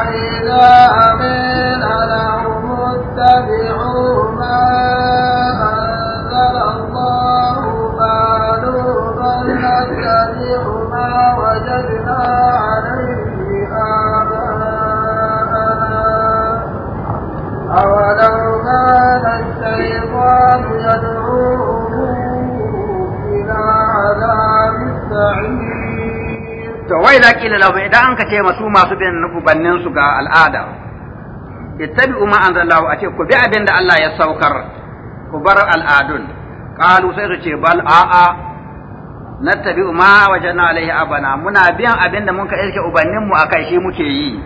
إذا idza qila lahu idan an ce masu masu bin ubannin su ga al'ada ittabi'u ma anzalahu ace ku bi abin da Allah ya saukar ku bar al'adun qalu sai su ce bal a'a nattabi'u ma wajana alaihi abana muna biyan abin da mun ka iske ubannin mu akai shi muke yi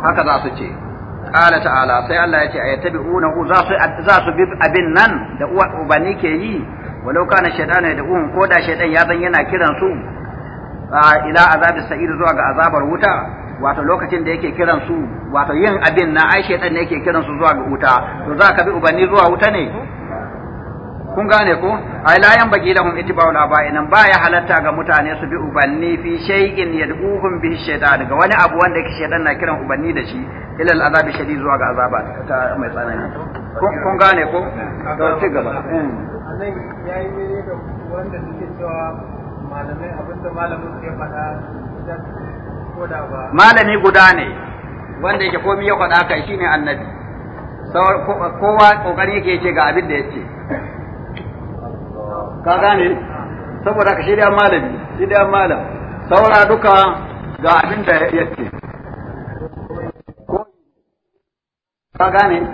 haka za su ce qala ta'ala sai Allah ya ce ayatabi'una za su za su bi abin nan da ubanni ke yi walau kana shaytanu da ko da shaytan ya zan yana kiran su ila azabi sa'ir zuwa ga azabar wuta wato lokacin da yake kiran su wato yin abin na ai dan ne yake kiran su zuwa ga wuta to za ka bi ubanni zuwa wuta ne kun gane ko ai la yan bagi lahum ittiba'ul aba'i ba baya halatta ga mutane su bi ubanni fi shay'in yad'uhum bi shaytan ga wani abu wanda yake shaytan na kiran ubanni da shi ila al-azabi shadid zuwa ga azaba ta mai tsanani kun gane ko to ci gaba nan yayi ne da wanda suke cewa malami guda ne wanda yake komi ya faɗa kai shine annabi kowa kokari yake ce ga abin da ya ce ka gane saboda ka shirya malami shirya malam saura duka ga abin da ya ce ka gane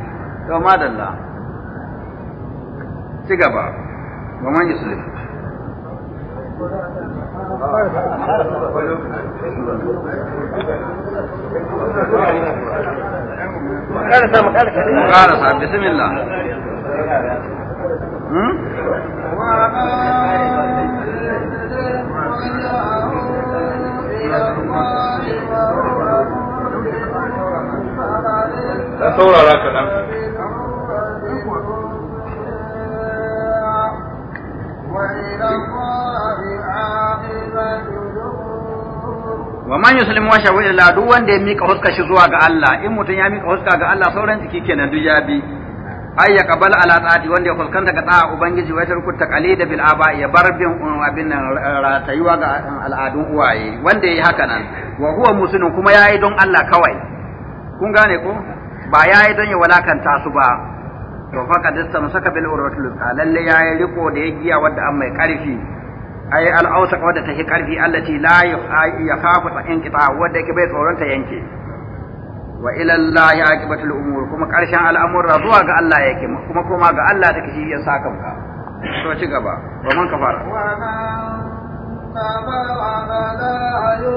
to madalla ci gaba wa man مخالفة مخالفة مخالفة بسم الله تصور على yuslimu wa shahu duk wanda ya mika huska shi zuwa ga Allah in mutum ya mika huska ga Allah sauran jiki kenan duk ya bi ay ya ala taati wanda ya fuskanta ga tsa'a ubangiji wa tarku taqalida bil aba ya bar bin um, abin nan ratayuwa ga um, al'adun uwaye wanda yayi haka nan wa huwa muslimun kuma yayi don Allah kawai kun gane ko ba yayi don ya walakanta su ba to fa kad istamsaka bil urwatil lalle yayi riko da ya giya wanda an mai karfi ai al'autaq wadda ta fi karfi allati la yakhafu inqita wadda ke bai tsoron ta yanke wa ila Allah aqibatul umur kuma karshen al'amura zuwa ga Allah yake kuma kuma ga Allah take shi ya saka ka to ci gaba ba man kafara wa man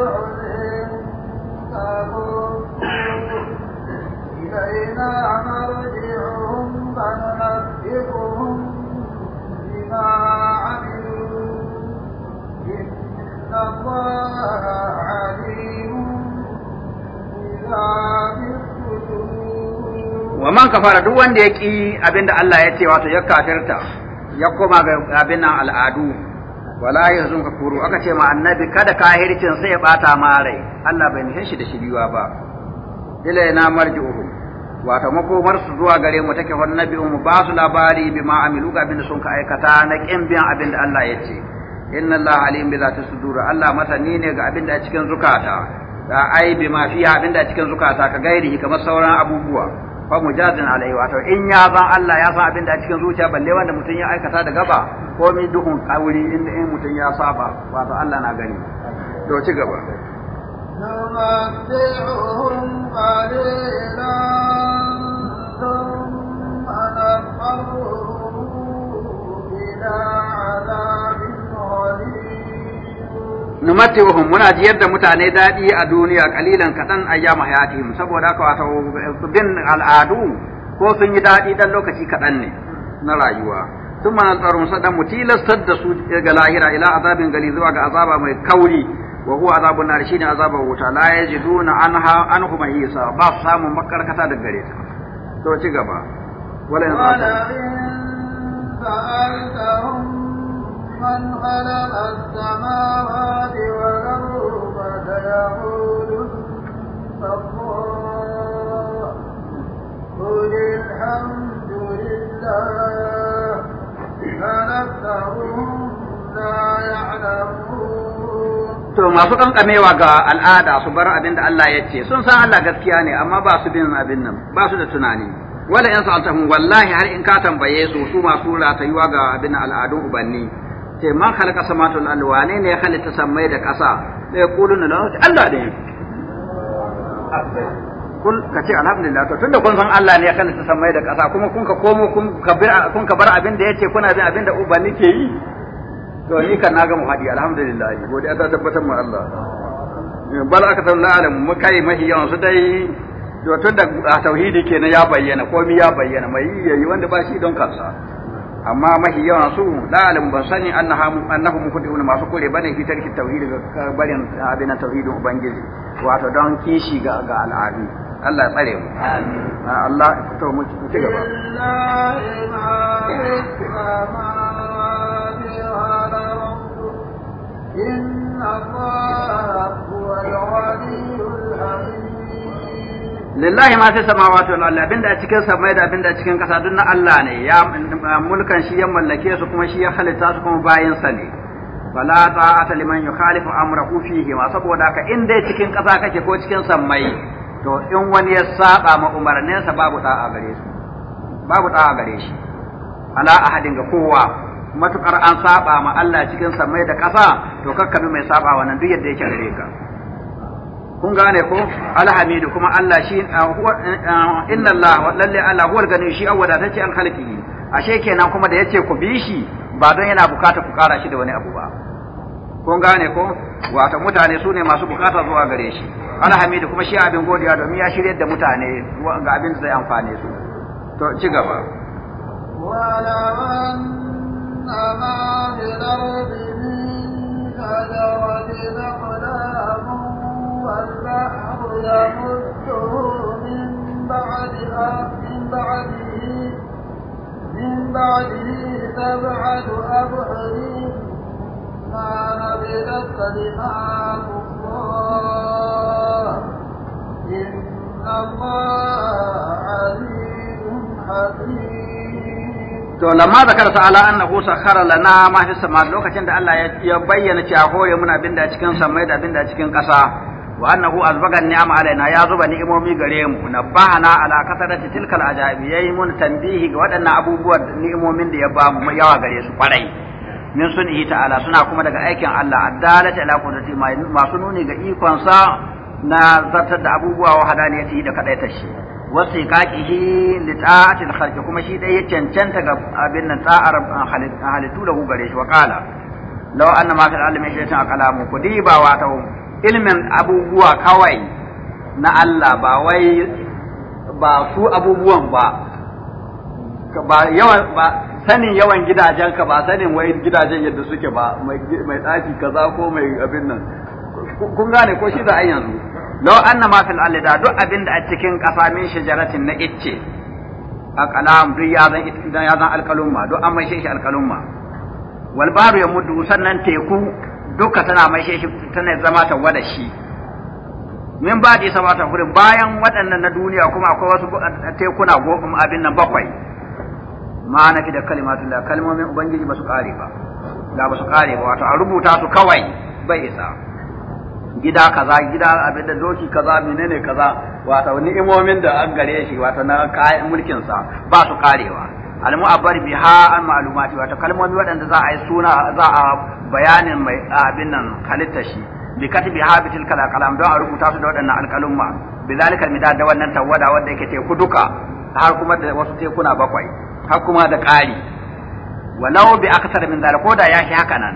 ilayna marji'uhum wa man kafara duk wanda ya ki abinda Allah ya ce wato ya kafirta ya koma ga abin nan al'adu wala zun ka kuru aka ce ma annabi kada kahircin sai ya bata ma Allah bai nishin shi da shiriwa ba ilaina marji'uhu wato makomar su zuwa gare mu take wannan nabi mu ba su labari bima amilu ga abin da sun ka aikata na kin biyan abin da Allah ya ce inna Allah alim bi zati sudur Allah masani ne ga abinda a cikin zukata da ai bi ma fiha abinda a cikin zukata ka gairi, kamar sauran abubuwa fa mujazin alaihi to in ya ba Allah ya san abinda a cikin zuciya balle wanda mutum ya aikata da gaba ko mi duhun kawuri inda in mutum ya saba wato Allah na gani to ci gaba نمتعهم قليلا ثم عذاب numattiwahum muna jiyar da mutane daɗi a duniya kalilan kaɗan ayyama hayatihim saboda ka wato bin al'adu ko sun yi daɗi dan lokaci kaɗan ne na rayuwa sun mana tsaron saɗan mu tilastar da su ga lahira ila azabin gali zuwa ga azaba mai kauri wa huwa azabun nar shine azabar wuta la yajiduna anha anhum hisa ba su samun makarkata da gare ta to ci gaba wala in من خلق السماوات والأرض الله قل الحمد لله to masu kankamewa ga al'ada su bar abin da Allah ya ce sun san Allah gaskiya ne amma ba su bin abin nan ba su da tunani wala in sa'altahum wallahi har in ka tambaye su su masu ratayuwa ga abin al'adun ubanni ce man khalaqa samawati wal ardi wane ne ya halitta samai da ƙasa da ya kulu na lafi Allah ne kun ka ce alhamdulillah to tunda kun san Allah ne ya halitta mai da ƙasa kuma kun ka komo kun ka kun ka bar abin da yace kuna bin abin da uba nake yi to ni kan na ga muhadi alhamdulillah godiya ta tabbatar mu Allah bal aka tawalla alamu mu kai mahi yawan su dai to tunda tauhidi kenan ya bayyana komai ya bayyana mai yayi wanda ba shi don kansa amma mahi yawan su lalim ba sani annahu annahu wani masu kore bane fi tarki tauhid ga barin abin tauhidin ubangiji wato don kishi ga ga al'adu Allah ya tsare mu amin Allah to mu ci gaba إن الله هو الغني الحميد lillahi ma fi samawati wal ardi abinda a cikin samai da abinda a cikin kasa duk na Allah ne ya mulkan shi ya mallake su kuma shi ya halitta su kuma bayin sa ne fala ta'ata liman yukhalifu amrahu fihi ma saboda ka in dai cikin kasa kake ko cikin samai to in wani ya saba ma umarnin sa babu ta'a gare su babu ta'a gare shi ala ahadin ga kowa matukar an saba ma Allah cikin samai da kasa to kakkabi mai saba wannan duk yadda yake gare ka kun gane ko alhamidu kuma Allah shi uh, uh, uh, inna Allah lalle Allah huwal gani shi an wadatacce an khalqihi ashe kenan kuma da yace ku bi shi ba don yana bukata ku kara shi da wani abu ba kun gane ko wato mutane sune masu bukata zuwa gare shi alhamidu kuma shi abin godiya domin ya shirya da mutane ga abin da zai amfane su to ci gaba ولو أن ما في الأرض من شجرة والبحر يمده من بعد من بعده من بعده ما نبذت كلمات الله إن الله عليم حكيم to lamma ta'ala annahu sakhara lana ma fi sama lokacin da Allah ya bayyana cewa hore muna binda a cikin samai da binda cikin ƙasa wa annahu azbaga ni'ama alaina ya zuba ni'imomi gare mu nabbahana ala kasarati tilkal ajabi yayi mun tanbihi ga waɗannan abubuwan ni'imomin da ya ba mu yawa gare su kwarai min sun yi ta'ala suna kuma daga aikin Allah addalata ala qudrati masu nuni ga ikon sa na zartar da abubuwa wa hadaniyati da kadaita shi wasu kaƙihi li ta'atil khalqi kuma shi dai ya cancanta ga abin nan ta'ar halittu da gare shi wa qala law anna ma fil alimi shay'un aqlamu kudiba wa ta'um ilmin abubuwa kawai na Allah ba wai ba su abubuwan ba ba yawan ba sanin yawan gidajen ka ba sanin wai gidajen yadda suke ba mai tsafi kaza ko mai abin nan kun gane ko shi da an yanzu law anna ma fil alida duk abin da a cikin ƙasa min shajaratin na icce kalam duk ya zan ya zan alkalumma duk an mai shi alkalumma wal baru ya muddu sannan teku duka tana mai shi tana zama ta wada shi min ba da sama ta hurin bayan waɗannan na duniya kuma akwai wasu tekuna goma um, abin nan bakwai ma na fi da kalimatun da kalmomin ubangiji ba su kare ba da ba su kare ba wato a rubuta su kawai bai isa gida kaza gida abin da doki kaza menene kaza wato ni'imomin da an gare shi wato na kayan mulkin sa ba su karewa al-mu'abbar biha an ma'lumati wato kalmomi waɗanda za a yi suna za a bayanin mai abin nan halitta shi bi katibi ha bi tilkal kalam don a rubuta su da waɗannan alƙalumma bi zalikal midad da wannan tawada wanda yake teku duka har kuma da wasu tekuna bakwai har kuma da ƙari walau bi akthar min zalika ko da ya shi haka nan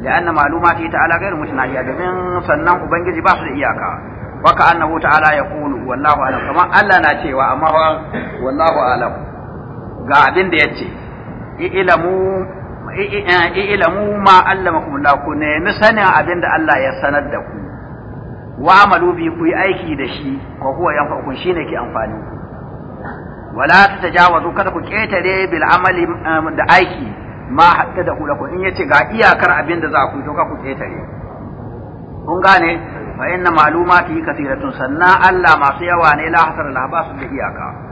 لأن معلوماته تعالى غير متناهية من سنن أبنجي باس إياك وكأنه تعالى يقول والله أعلم كما ألا ناتي وأمر والله أعلم ga abin da yace ilamu ilamu ma allamakum Allah ku nemi sanin abin da Allah ya sanar da ku wa amalu ku yi aiki da shi ko huwa shi ne ke amfani wala tatajawazu kada ku ketare bil amali um, da aiki ma hatta da ku in yace ga iyakar abin da za ku to ka ku ketare kun gane fa inna fi kasiratun sanna Allah masu yawa ne la hasar la ba da iyaka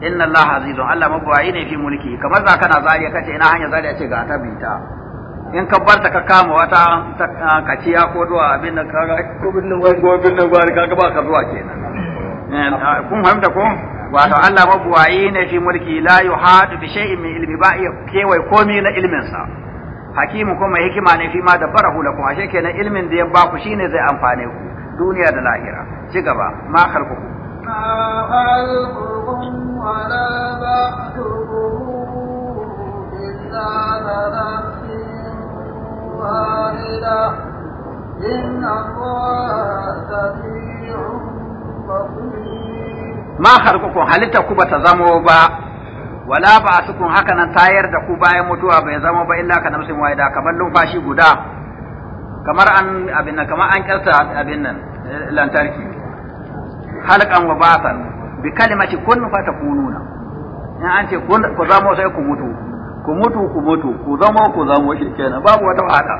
inna allaha azizun allah mabawayi ne fi mulki kamar za kana zariya ce ina hanya zariya ce ga ta bita in ka bar barta ka kama wata kaciya ko zuwa abin da ka ko bin nan ko bin nan gwari ka ba ka zuwa kenan eh, kun fahimta ko wato allah mabawayi ne fi mulki la yuhadu bi shay'in min ilmi ba iya kewaye komai na ilmin sa hakimu kuma hikima ne fi ma dabbarahu lakum ashe kenan ilmin da ya ba ku shine zai amfane ku duniya da lahira ci gaba ma khalqukum Ma خلقكم ولا بعثكم halitta ku bata zamo ba wala ba su kun haka nan tayar da ku bayan mutuwa bai zama ba illa ka namsin waida kamar lumfashi guda kamar an abin nan kamar an kyarta abin nan lantarki halqan wa ba'than bi kalimati kun fa kununa. in an ce kun ku zamo sai ku mutu ku mutu ku mutu ku zamo ku zamo shi kenan babu wata wahala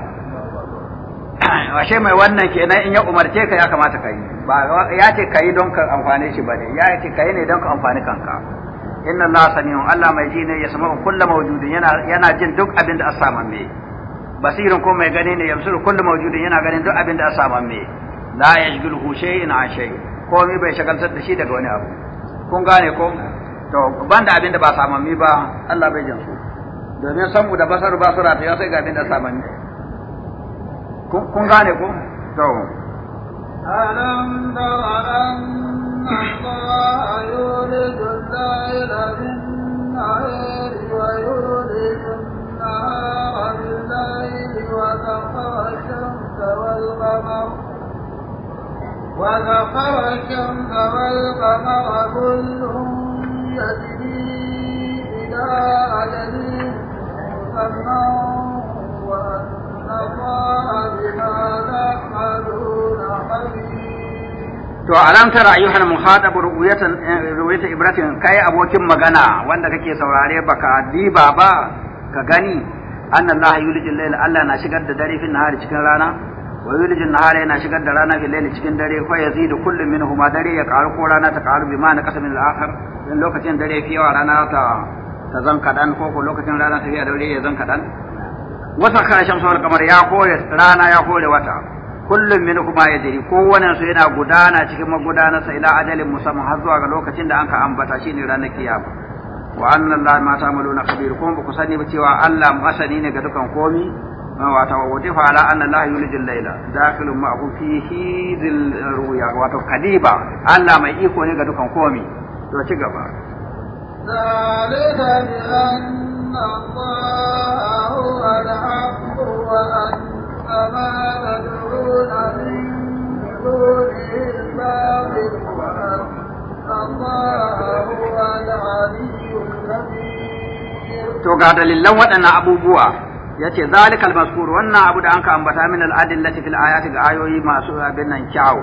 ashe mai wannan kenan in ya umarce ka ya kamata ka yi ba ya ce ka yi don ka amfane shi bane ya ce ka yi ne don ka amfani kanka inna Allah sami'un Allah mai ji ne ya samu kullu mawjudin yana yana jin duk abin da asama me basirin ko mai gani ne yamsuru kullu mawjudin yana ganin duk abin da asama me la yajgulu shay'in an shay'in komai bai shagaltar da shi daga wani abu kun gane ko to ban da abin da ba samammi ba Allah bai jin su domin samu da basar ba su rataya sai ga abin da kun gane ko to ألم تر أن الله يولد الليل بالنهار النهار بالليل وسخر الشمس والقمر وسخر الشمس والقمر كل يجري إلى أجل مسمى وأن الله بما to alam tara ayyuhal muhadab ru'yatan ru'yata ibratin kai abokin magana wanda kake saurare baka diba ba ka gani anna allah yulijil layla allah na shigar da dare fi nahari cikin rana wa yulijin nahara yana shigar da rana fil layli cikin dare ko fa yazidu kullu minhuma dare ya karu ko rana ta karu bima na kasamin al-akhar in lokacin dare ya fi yawa rana ta ta zan kadan ko ko lokacin rana ta fi dare ya zan kadan wasa ka shamsu wal qamar ya kore rana ya kore wata kullum min kuma ya jiri kowane su yana gudana cikin magudanar magudanarsa ila ajalin musamman har zuwa ga lokacin da anka ambata shine ranar kiyama wa anna allaha ma ta'maluna khabir kuma ba ku sani ba cewa Allah masani ne ga dukan komi wato wajifa ala anna la yulijil layla dakhilun ma'ahu fi dhil ruya wato kadiba Allah mai iko ne ga dukan komi to ci gaba zalika bi anna Allah huwa al-haq wa anna ma tad'una min dunihi al-batil wa anna Allah huwa al-'aliyyul kabir to ga dalilan waɗannan abubuwa yace zalikal mazkur wannan abu da anka ambata min al adillati fil ayati ga ayoyi masu abin nan kyawu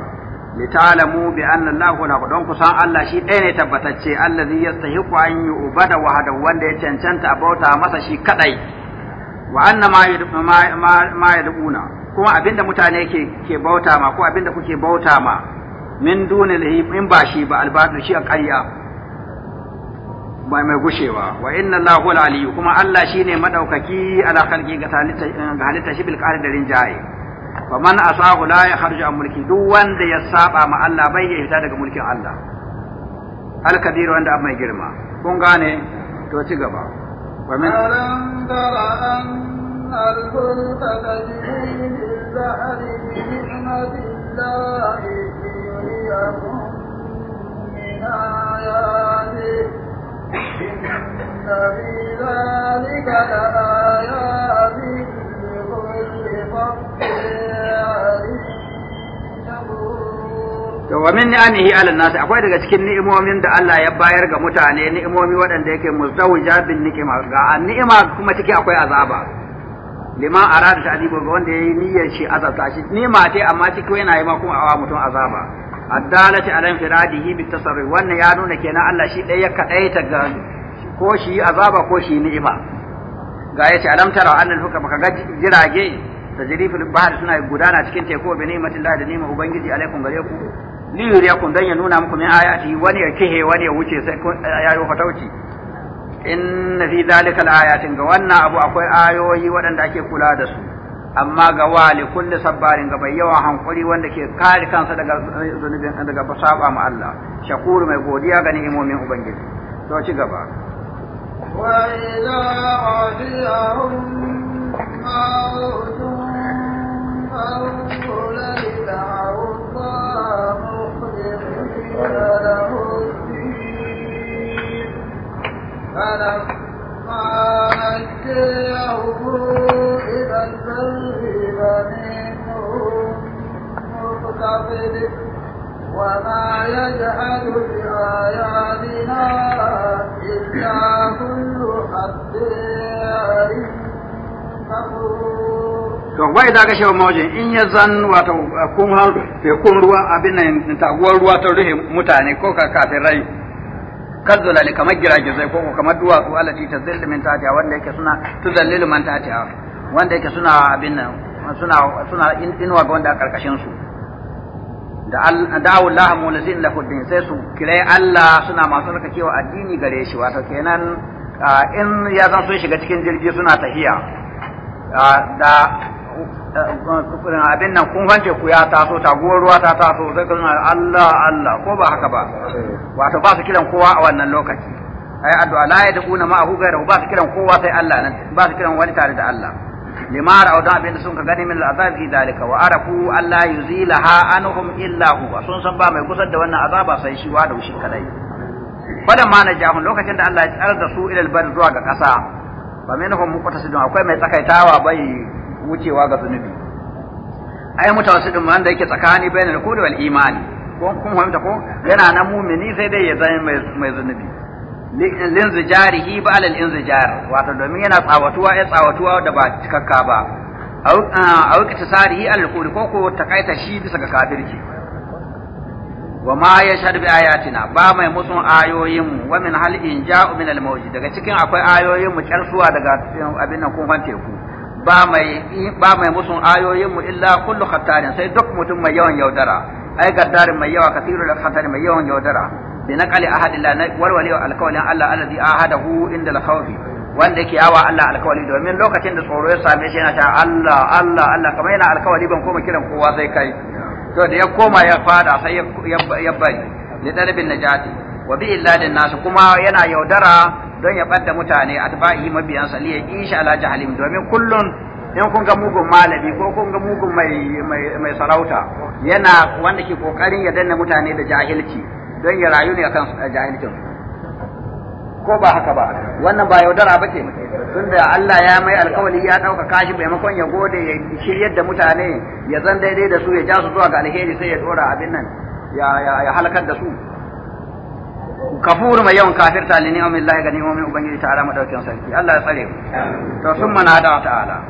ta'lamu bi anna allahu la don ku san Allah shi ɗaya ne tabbatacce allazi yastahiqu an yu'bada wahda wanda ya cancanta a bauta masa shi kadai wa anna ma ma yaduna kuma abinda mutane ke ke bauta ma ko abinda kuke bauta ma min dunil in ba shi ba albadu shi a qayya ba mai gushewa wa inna Allahu al-aliyyu kuma Allah shine madaukaki ala khalqi ga halitta shi bil qahri darin jaye fa man asahu la yakhruju an mulki duk wanda ya saba ma Allah bai ya fita daga mulkin Allah al-kabir wanda amma girma kun gane to ci gaba wa min tara an al-fulka tajri bil-bahri bi ni'matillahi liyuriyakum min ayatihi ومن نعمه على الناس akwai daga cikin ni'imomin da Allah ya bayar ga mutane ni'imomi waɗanda yake muzawija bin ni'ima ga ni'ima kuma ciki akwai azaba liman arada ta'dibu ga wanda yayi niyyar shi azabta shi ni'ima amma ciki yana yi ma kuma awa mutum azaba addalati ala infiradihi bi wannan ya nuna kenan Allah shi ɗaya ya kadaita ga ko shi azaba ko shi ni'ima ga yace alam tara annal ka gaji jirage tajrifil bahr suna gudana cikin teku bi Allah da ni'ma ubangiji alaikum gare ku li yuriyakum dan ya nuna muku min ayati wani ya kihe wani ya wuce sai ya yi fatauci in fi zalika alayatin ga wannan abu akwai ayoyi waɗanda ake kula da su amma ga wali kulli sabarin ga bai yawan hankuri wanda ke kare kansa daga zunubin daga saba ma Allah shakuru mai godiya ga ni'imomin ubangiji to ci gaba wa ila adiyahum فلما نجيهم فَالَّذِينَ مِنْهُمْ مُقْتَصِدٌ وَمَا يَجْحَدُ بِآيَاتِنَا to wai da ga shi mawajin in ya zan wato kun hal kun ruwa abin nan ta taguwar ruwa ta ruhe mutane ko ka kafin rai kazzala ne kamar girage zai ko kamar duwatsu alati ta zillimin tatiya wanda yake suna tuzallilu man tatiya wanda yake suna abin nan suna suna inuwa ga wanda a karkashin su da da'u Allah mulazin la din sai su kire Allah suna masu rakakewa addini gare shi wato kenan in ya zan sun shiga cikin jirgi suna tahiya da abin nan kun fance ku ya taso taguwar ruwa ta taso sai kuma, Allah Allah ko ba haka ba wato ba su kiran kowa a wannan lokaci ai addu'a la yadquna ma'ahu ghayrahu ba su kiran kowa sai Allah nan ba su kiran wani tare da Allah limar au dan abinda sun ka gani min al'azab fi dalika wa arafu alla yuzilaha anhum illa huwa sun san ba mai kusar da wannan azaba sai shi wa da shi kadai fadan ma najahun lokacin da Allah ya tsar da su ila albar zuwa ga kasa mu minhum muqtasidun akwai mai tsakaitawa bai wucewa ga zunubi ai mutawassidin da yake tsakani bainal kufri wal imani ko kun fahimta ko yana na mumini sai dai ya zama mai zunubi linzijarihi ba alal inzijar wato domin yana tsawatuwa ya tsawatuwa da ba cikakka ba a wuka ta sarihi kuri ko ko kaita shi bisa ga kafirci wa ma ya shaɗu bi ayatina ba mai musun ayoyin wa min hal in ja'u min al mawji daga cikin akwai ayoyin mu kyarsuwa daga abin nan kun teku ba mai ba mai musun ayoyin mu illa kullu khattarin sai duk mutum mai yawan yaudara ai gaddarin mai yawa kathirul khattarin mai yawan yaudara bi naqali ahadillah na walwali alkawalin Allah alladhi ahadahu inda al wanda yake yawa Allah alkawali domin lokacin da tsoro ya same shi yana ta Allah Allah Allah kamar yana alkawali ban koma kiran kowa sai kai to da ya koma ya fada sai ya bari ni dalibin najati wa bi illadin nas kuma yana yaudara don ya ɓadda mutane a mabiyan mabiyansa liya isha ala jahalim domin kullum in kun ga mugun malami ko kun ga mugun mai sarauta yana wanda ke kokarin ya danna mutane da jahilci don ya rayu ne a akan eh, jahilcin ko ba haka ba wannan ba yaudara ba ce tunda Allah ya mai alkawali ya ɗauka kashi maimakon ya gode ya shiryar da mutane ya zan daidai da su ya ja su zuwa ga alheri sai ya dora abin nan ya halakar da su kafuru mai yawan kafirta li ni'amin Allah ga ni'amin ubangiji ara madaukin sarki Allah ya tsare mu to sun mana da ta'ala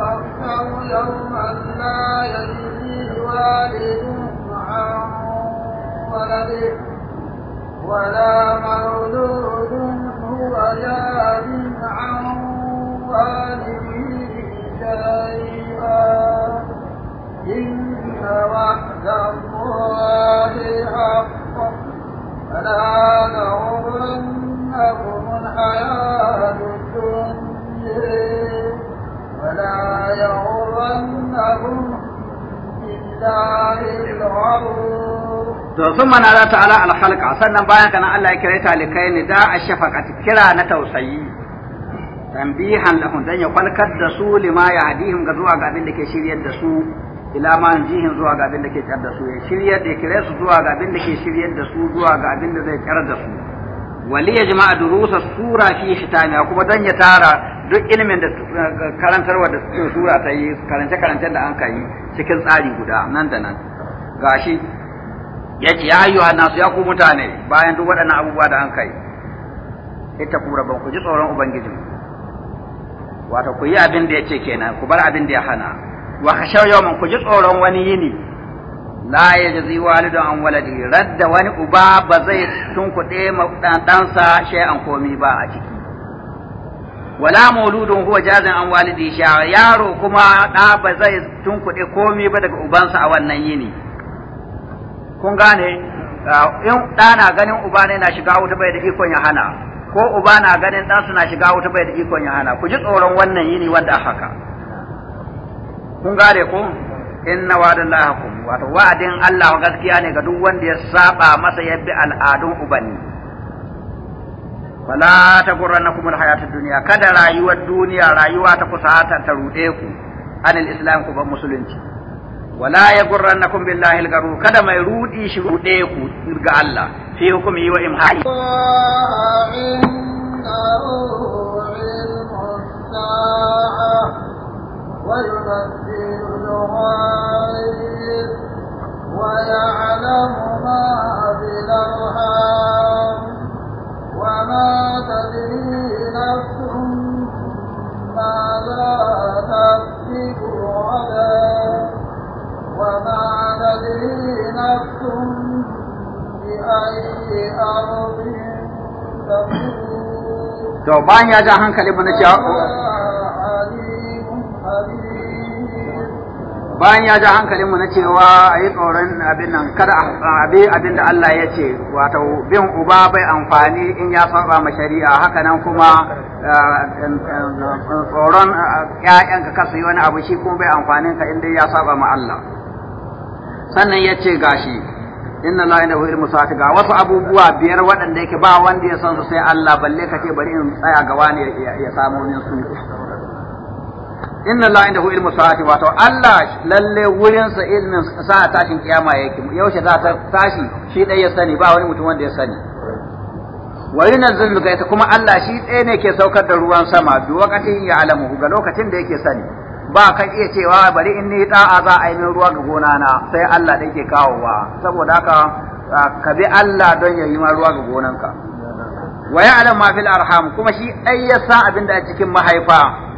يحشر يوما لا يجزي والد عن ولده ولا مولود هو جاز عن والده شيئا إن وعد الله حق فلا تغرنكم الحياة الدنيا فلا يغرنهم بالله الغرور ثم نادى تعالى على الخلق sannan bayan ka na Allah ya kira ta likai ne da ashfaqat kira na tausayi tambihan lahum dan ya kwalkar da su lima ya hadihim ga zuwa ga abin da ke shiryar da su ila ma jihin zuwa ga abin da ke tsar da su ya shiryar da kire su zuwa ga abin da ke shiryar da su zuwa ga abin da zai tsar da su wali ya jama'a durusa sura fi hitamiya kuma dan ya tara duk ilimin da eh, karantarwa da sura ta yi karance karance da an yi cikin tsari guda nan da nan gashi ya ce ya yi nasu ya ku mutane bayan duk waɗannan abubuwa da an yi ita kura ban ku ji tsoron ubangijin wata ku yi abin da ya ce kenan ku bar abin da ya hana wa khashaw yawman ku ji tsoron wani yini la yajzi walidun an waladi radda wani uba ba zai tunkuɗe ɗansa an komi ba a ciki wala mauludun huwa jazan an walidi sha yaro kuma da ba zai tunkuɗe komai ba daga ubansa a wannan yini kun gane ah, in ɗa na ganin uba ne na shiga wuta bai da ikon ya hana ko uba na ganin ɗansu na shiga wuta bai da ikon ya hana ku ji tsoron wannan yini wanda haka kun gane ku inna wa'dan lahakum wato wa'adin Allah gaskiya ne ga duk wanda ya saba masa yabbi al'adun ubanni wala ta gurrannakum alhayatu dunya kada rayuwar duniya rayuwa ta kusata ta rude ku anil islam ku ban musulunci wala ya gurrannakum billahi algaru kada mai rudi shi ga Allah fi hukumi wa imhani ويعلم ما في وما تدري نفس ماذا تكسب غدا وما تدري نفس بأي أرض تموت. To bayan ya ja hankali mu na cewa bayan ya ja hankalinmu na cewa a yi tsoron abin nan kada abin da Allah ya ce wato bin uba bai amfani in ya saba ma shari'a haka nan kuma tsoron 'ya'yanka kasu wani abu shi kuma bai amfani ka inda ya saba ma Allah sannan ya ce gashi inna la ilaha illa sa'ati ga wasu abubuwa biyar waɗanda yake ba wanda ya san su sai Allah balle kace bari in tsaya ga wani ya samu min su inna Allah indahu ilmu sa'ati wato Allah lalle wurin sa ilmin sa'a tashin kiyama yake yaushe za ta tashi shi dai ya sani ba wani mutum wanda ya sani wa yunazzilu gaita kuma Allah shi ɗaya ne ke saukar da ruwan sama duk wakatin ya alamu ga lokacin da yake sani ba ka iya cewa bari in ni da'a za a yi min ruwa ga gona na sai Allah da ke kawowa saboda haka ka bi Allah don ya yi ma ruwa ga gonanka wa ya'lamu ma fil arham kuma shi ɗaya ya san abin da a cikin mahaifa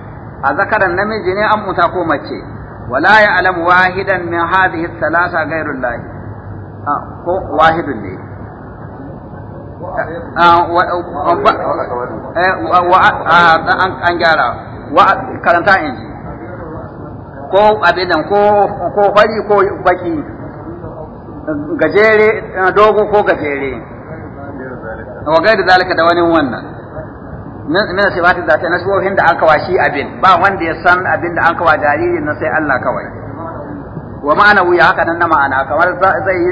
a zakaran namiji ne an muta ko mace wala ya alam wahidan min hadhihi thalatha ghayru lahi ah, ko wahidun ne ah, eh, ah, an gyara karanta in ji ko abinan ko ko fari ko baki gajere eh, dogo ko gajere wa gaida zalika da wani wannan min sifatin da na sifofin da an kawa shi abin ba wanda ya san abin da an kawa jaririn na sai Allah kawai wa ma'ana wuya haka nan na ma'ana kamar zai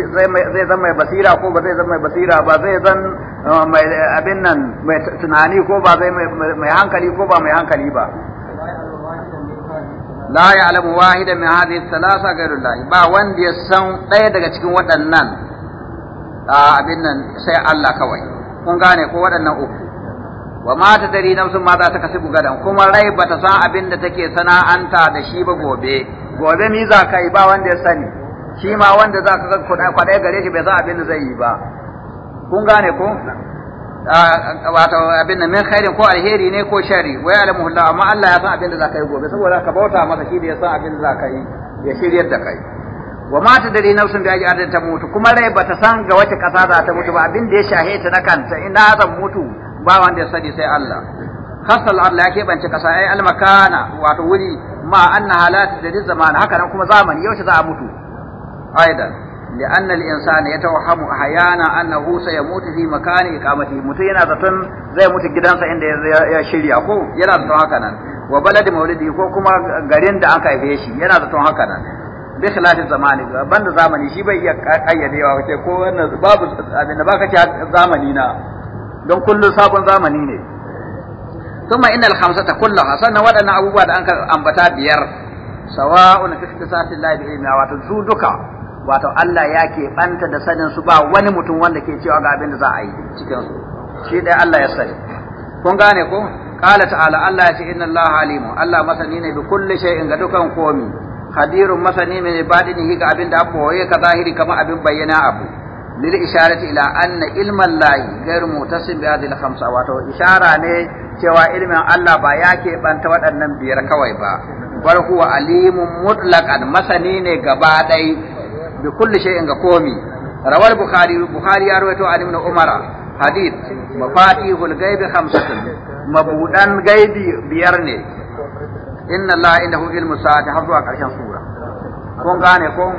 zan mai basira ko ba zai zan mai basira ba zai zan uh, mai abin nan mai tunani ko ba zai mai hankali ko ba mai hankali ba la ya'lamu wahidan min hadhihi thalatha ghayrullah ba wanda ya san ɗaya daga cikin waɗannan uh, abin nan sai Allah kawai kun gane ko waɗannan uku wa ma ta dari sun ma za ta kasu gadan kuma rai ba ta san abin da take sana'anta da shi ba gobe gobe ni za ka yi ba wanda ya sani shi ma wanda za ka kwaɗai gare shi bai san abin da zai yi ba kun gane ko wato abin da min khairin ko alheri ne ko shari wai alamu Allah amma Allah ya san abin da za ka yi gobe saboda ka bauta masa shi da ya san abin da za ka yi ya shiryar da kai wa ma ta dare nafsun bi ajiyar ta mutu kuma rai ba ta san ga wace kasa za ta mutu ba abin da ya shahe ta na kanta ina zan mutu ba wanda ya sani sai Allah kasal Allah ya keɓance kasa yi almakana wato wuri ma anna halati da zaman haka nan kuma zamani yaushe za a mutu aidan لأن الإنسان يتوهم أحيانا mutu, سيموت في مكان إقامته متى inda ya shirya. جدان عند يشري أكو ينظر wa وبلد مولده ko kuma garin da aka haife shi yana zaton haka nan bi khilafin zamani banda zamani shi bai iya kayyadewa ko wannan babu abin da baka ci zamani na don kullun sabon zamani ne ثم إن الخمسة كلها سنة ودنا أبو بعد أنك أنبتا بير سواء في da الله wato واتو duka. wato Allah ya ɓanta da sanin su ba wani mutum wanda ke cewa ga abin da za a yi cikin shi ɗaya Allah ya sani kun gane ku? qala ta'ala Allah ya ce inna Allah alimu Allah masani ne bi kulli shay'in ga dukan komi khadirun masani ne yi ga abin da aka koye ka zahiri kamar abin bayyana abu lil isharati ila anna ilman lahi ghairu mutasim bi hadhihi al-khamsa wato ishara ne cewa ilmin Allah ba ya ke banta waɗannan biyar kawai ba bar huwa alimun mutlaqan masani ne gaba dai bi kulli shay'in ga komi rawal bukhari bukhari ya rawaito an ibn umara hadith mafatihul ghaibi khamsatun mabudan gaibi biyar ne inna Allah indahu ilmu sa'ati har zuwa sura kun gane kun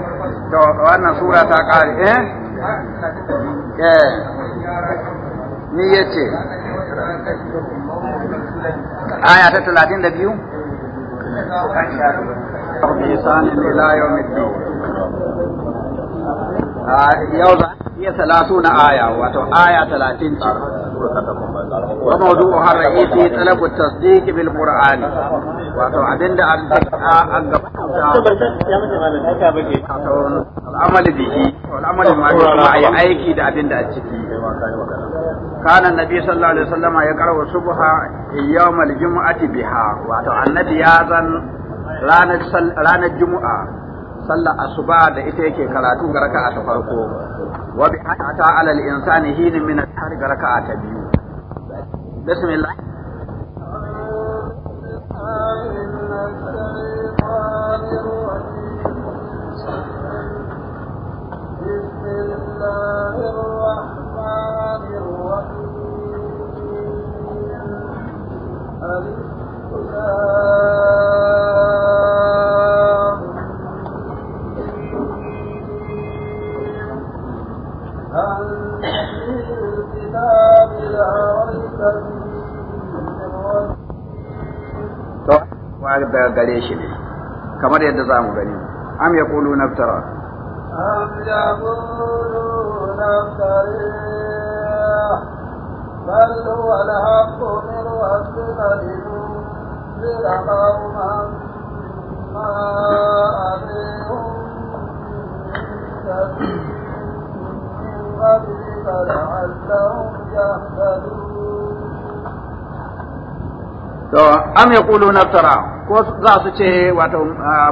to wannan sura ta kare. eh ni eh. ya aya ta talatin da biyu Bisanin ila yau yau za iya salatu na aya wato aya talatin ce wa mawdu'u har ra'isi talabu tasdiq bil qur'ani wato abinda an an gaba al'amal bihi al'amal ma ya aiki da abinda a ciki kana annabi sallallahu alaihi wasallam ya karwa subha yawmal jumu'ati biha wato annabi ya zan ranar ranar jumu'a sallar asuba da ita yake karatu ga raka'a ta farko wa bi hatta ala al-insani hin min al-har ga raka'a ta biyu bismillah gare shi ne kamar yadda za mu gani am ya kulu naftara am ya kulu naftara بل هو الحق من ربك لتنذر قوما ما أتيهم من قبلك لعلهم يهتدون To, am ya ƙulu naftara, ko za su ce wato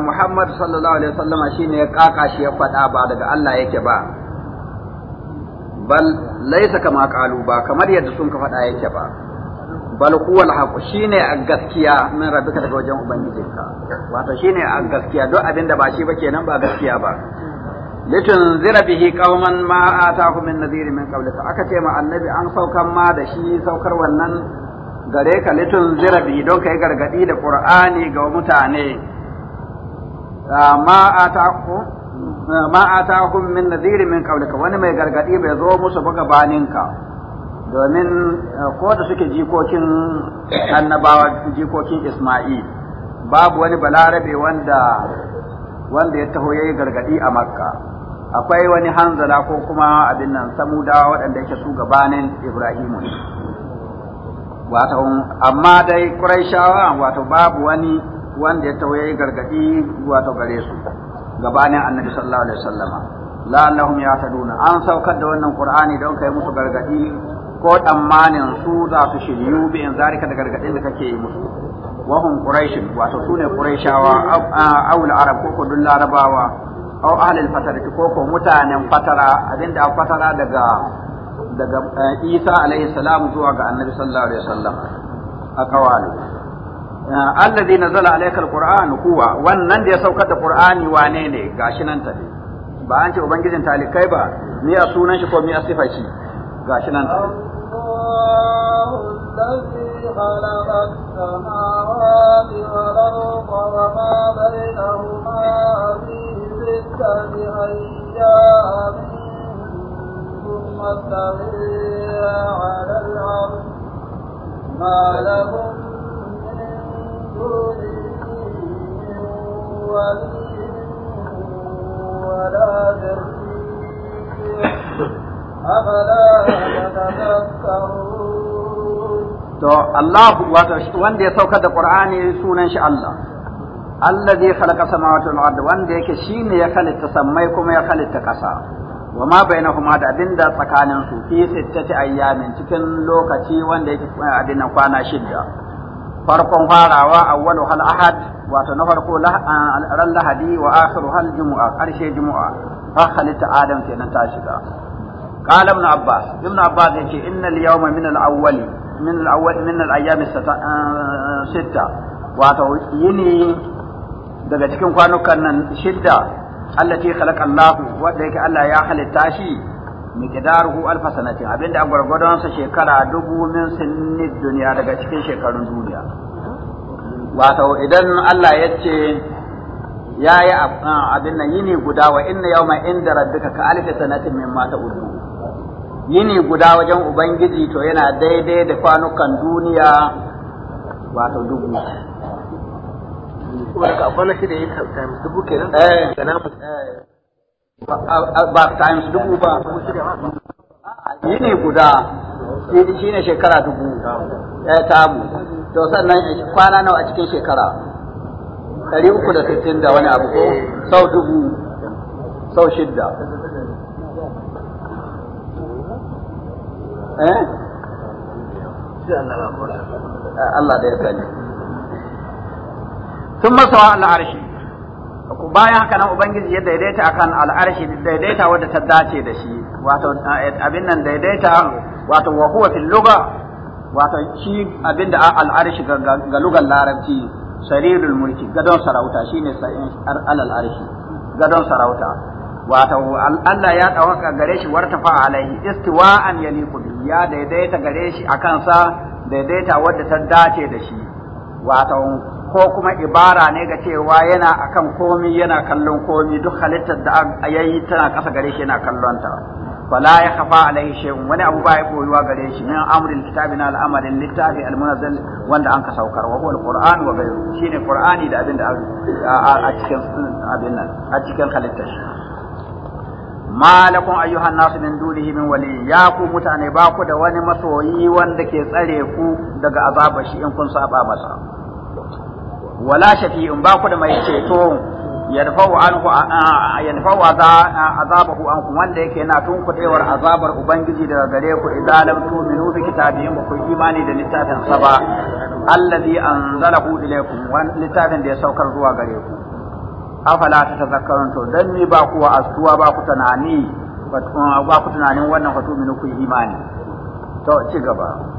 Muhammad sallallahu alaihi wasallama shine ya kaka shi ya faɗa ba daga Allah yake ba bal laisa kama qalu ba kamar yadda sun ka faɗa yake ba bal huwa al shine a gaskiya min rabbika daga wajen ubangijinka wato shine a gaskiya duk abin da ba shi ba kenan ba gaskiya ba litun zira bihi qauman ma atahum min nadhir min qablika aka ce ma annabi an saukar ma da shi saukar wannan gare ka litun zirabi don ka yi gargadi da qur'ani ga mutane ah, ma a min nadiri min wani mai gargadi bai zo musu ba baninka. domin ah, ko da suke jikokin annabawa jikokin isma'il babu wani balarabe wanda wanda ya taho ya yi gargadi a makka akwai wani hanzala ko kuma abin nan samudawa waɗanda yake su gabanin ibrahimu wato amma dai Quraishawa wato babu wani wanda ya tawaye gargadi wato gare su gabanin Annabi sallallahu alaihi wasallama ya yahtaduna an saukar da wannan Qur'ani don kai musu gargadi ko tsammanin su za su shiryu bi in zarika da gargadin da kake yi musu wa hum quraish wato sune quraishawa aw al arab ko ko dul larabawa aw ahli al fatara ko ko mutanen fatara abinda fatara daga daga eh, Isa alaihi salam zuwa ga Annabi sallallahu alaihi wasallam a kawali eh, allazi nazala alaikal qur'an huwa wannan da ya saukar da qur'ani wane ne gashi nan tafi ba an ce ubangijin talikai ba ni a sunan shi ko ni a sifa shi gashi nan tafi Allah مستويا على العرش ما لهم من دونه من ولي ولا ذريع أفلا تتذكرون to Allah wato wanda ya saukar da Qur'ani sunan shi Allah allazi khalaqa samawati wal ard wanda yake shine ya halitta sammai kuma ya halitta kasa wa ma bainahuma da abinda tsakanin su fi sittati ayyamin cikin lokaci wanda yake abinda kwana shidda farkon farawa awwalu hal ahad wato na farko ran lahadi wa akhiru hal jumu'a karshe jumu'a fa halitta adam kenan ta shiga qala ibn abbas ibn abbas yace innal yawma min al awwali min al awwal min al ayyam sitta wato yini daga cikin kwanukan nan shidda allati khalaqa Allah wanda yake Allah ya halitta shi miqdaruhu alf sanatin abinda an gwargwadon sa shekara dubu min sinnid duniya daga cikin shekarun duniya wato idan Allah ya ce ya yi abin nan yini guda wa inna yawma inda rabbika ka alfi sanatin mimma ta'udu yini guda wajen ubangiji to yana daidai da kwanukan duniya wato dubu kuma daga shi da ya times dubu kenan da eh. na eh. ba times dubu ba yi ne guda shi ne shekara dubu ya eh, tamu to sannan kwana nawa a cikin shekara ɗari uku da sittin da wani abu ko sau dubu sau shidda eh Allah da ya sani sun masawa al'arshi bayan haka nan ubangiji ya daidaita akan al'arshi daidaita wadda ta dace da shi wato eh, abin nan daidaita wato wa huwa fil lugha wato shi abin da al'arshi ga lugar larabci sarirul mulki gadon sarauta shine sa'in al'arshi gadon sarauta wato Allah ya dawaka gare shi wartafa alaihi istiwa'an yaliqu bi ya daidaita gare shi akan sa daidaita wadda ta dace da shi wato ko kuma ibara ne ga cewa yana akan komi yana kallon komi duk halittar da ya yi tana kasa gare shi yana kallon ta wala ya kafa alaihi shay'un wani abu ba ya koyuwa gare shi min amrin kitabi na al'amarin littafi almunazzal wanda an ka saukar wa huwa alquran wa bayu shine qur'ani da abin da a cikin abin nan a cikin halittar shi malakun ayyuhan nasu min dunihi min wali ya ku mutane ba ku da wani masoyi wanda ke tsare ku daga azabar shi in kun saba masa wala in ba ku da mai ceto yarfau anhu yadfa'u azabahu ankum wanda yake yana tunkudewar azabar ubangiji daga gare ku idan lam tu'minu bi kitabihi ba ku imani da littafin sa ba allazi anzalahu ilaykum littafin da ya saukar zuwa gare ku afala tatazakkarun to dan ni ba ku astuwa ba ku tunani ba ku tunanin wannan ku tu'minu ku imani to ci gaba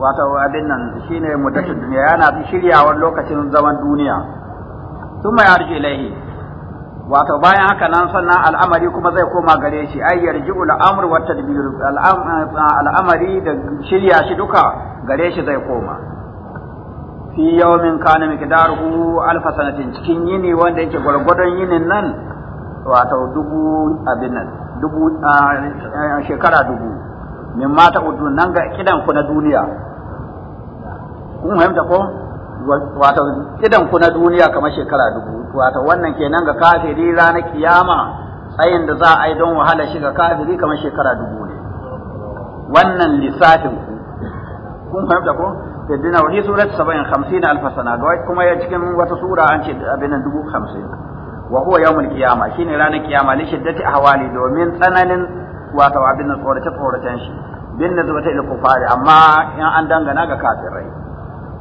wato abin nan shine mutashin duniya yana shiryawar lokacin zaman duniya sun mai arji ilaihi wato bayan haka nan sannan al'amari kuma zai koma gare shi ai yarji'u al'amr wa tadbir al'amari da shirya shi duka gare shi zai koma fi yawmin kana miqdaruhu alf sanatin cikin yini wanda yake gurgurdan yinin nan wato dubu abin nan dubu ah, shekara dubu min mata udu nan ga kidan ku na duniya kun fahimta ko wato idan ku na duniya kamar shekara dubu wato wannan kenan ga kafiri ranar kiyama tsayin da za a yi don wahala shiga kafiri kamar shekara dubu ne wannan lissafin ku kun fahimta ko tadina wani surat saba'in hamsin alfa sana ga kuma ya cikin wata sura an ce abin nan dubu hamsin wa huwa yawmul kiyama shine ranar kiyama ne shiddati ahwali domin tsananin wato abin nan tsorace tsoracen shi bin nazarata ila kufari amma in an dangana ga kafirai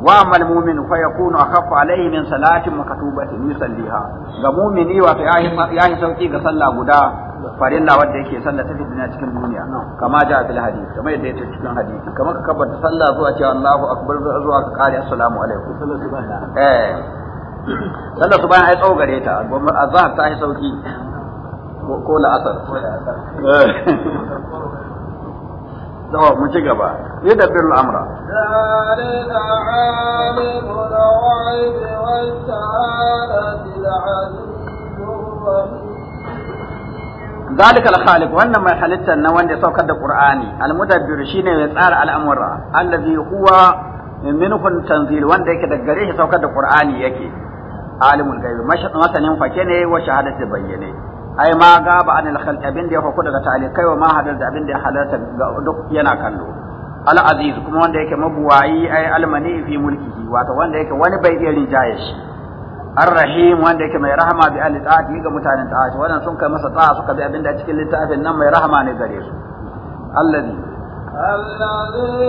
واما المؤمن فيكون اخف عليه من صلاه مكتوبه يصليها ga mumini wato ya yi sauki ga sallah guda farilla wanda yake sallah ta fitina cikin duniya kama ja fil hadith kama yadda yake cikin hadisi kama ka kabbata sallah zuwa cewa Allahu akbar zuwa ka kare assalamu alaikum eh sallah subhana ai tsawo gare ta azhar ta yi sauki ko la asar dawa mun ci gaba ya da birul amra ذلك الخالق وان ما حلت ان وان سوكر da qur'ani almudabbir shine mai tsara al'amura allazi huwa minhu tanzil wanda yake da gare shi saukar da qur'ani yake alimul gaibi masanin fake ne wa shahadatu bayyane ai ma gaba anil khalq abin da ya fako daga kai wa ma hadar da abin da ya halarta duk yana kallo al aziz kuma wanda yake mabuwayi ai al mani fi mulkihi wato wanda yake wani bai iya rinjaye shi ar rahim wanda yake mai rahama bi al ta'ati ga mutanen ta'ati wannan sun kai masa ta'a suka bi abin da cikin littafin nan mai rahama ne gare su allazi allazi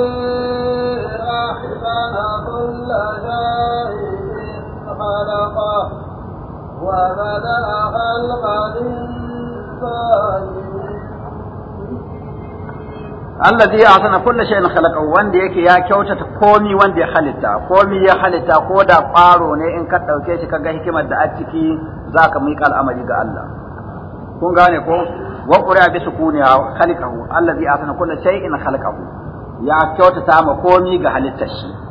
ahsana kullu shay'in khalaqa Allah خلق الإنسان alladhi ahsana shay'in khalaqa wanda yake ya kyautata komi wanda ya halitta komi ya halitta ko da faro ne in ka dauke shi kaga hikimar da a ciki zaka miƙa al'amari ga Allah kun gane ko wa qura bi sukuni khalaqahu alladhi ahsana kulli shay'in khalaqahu ya kyautata ma komi ga halittar shi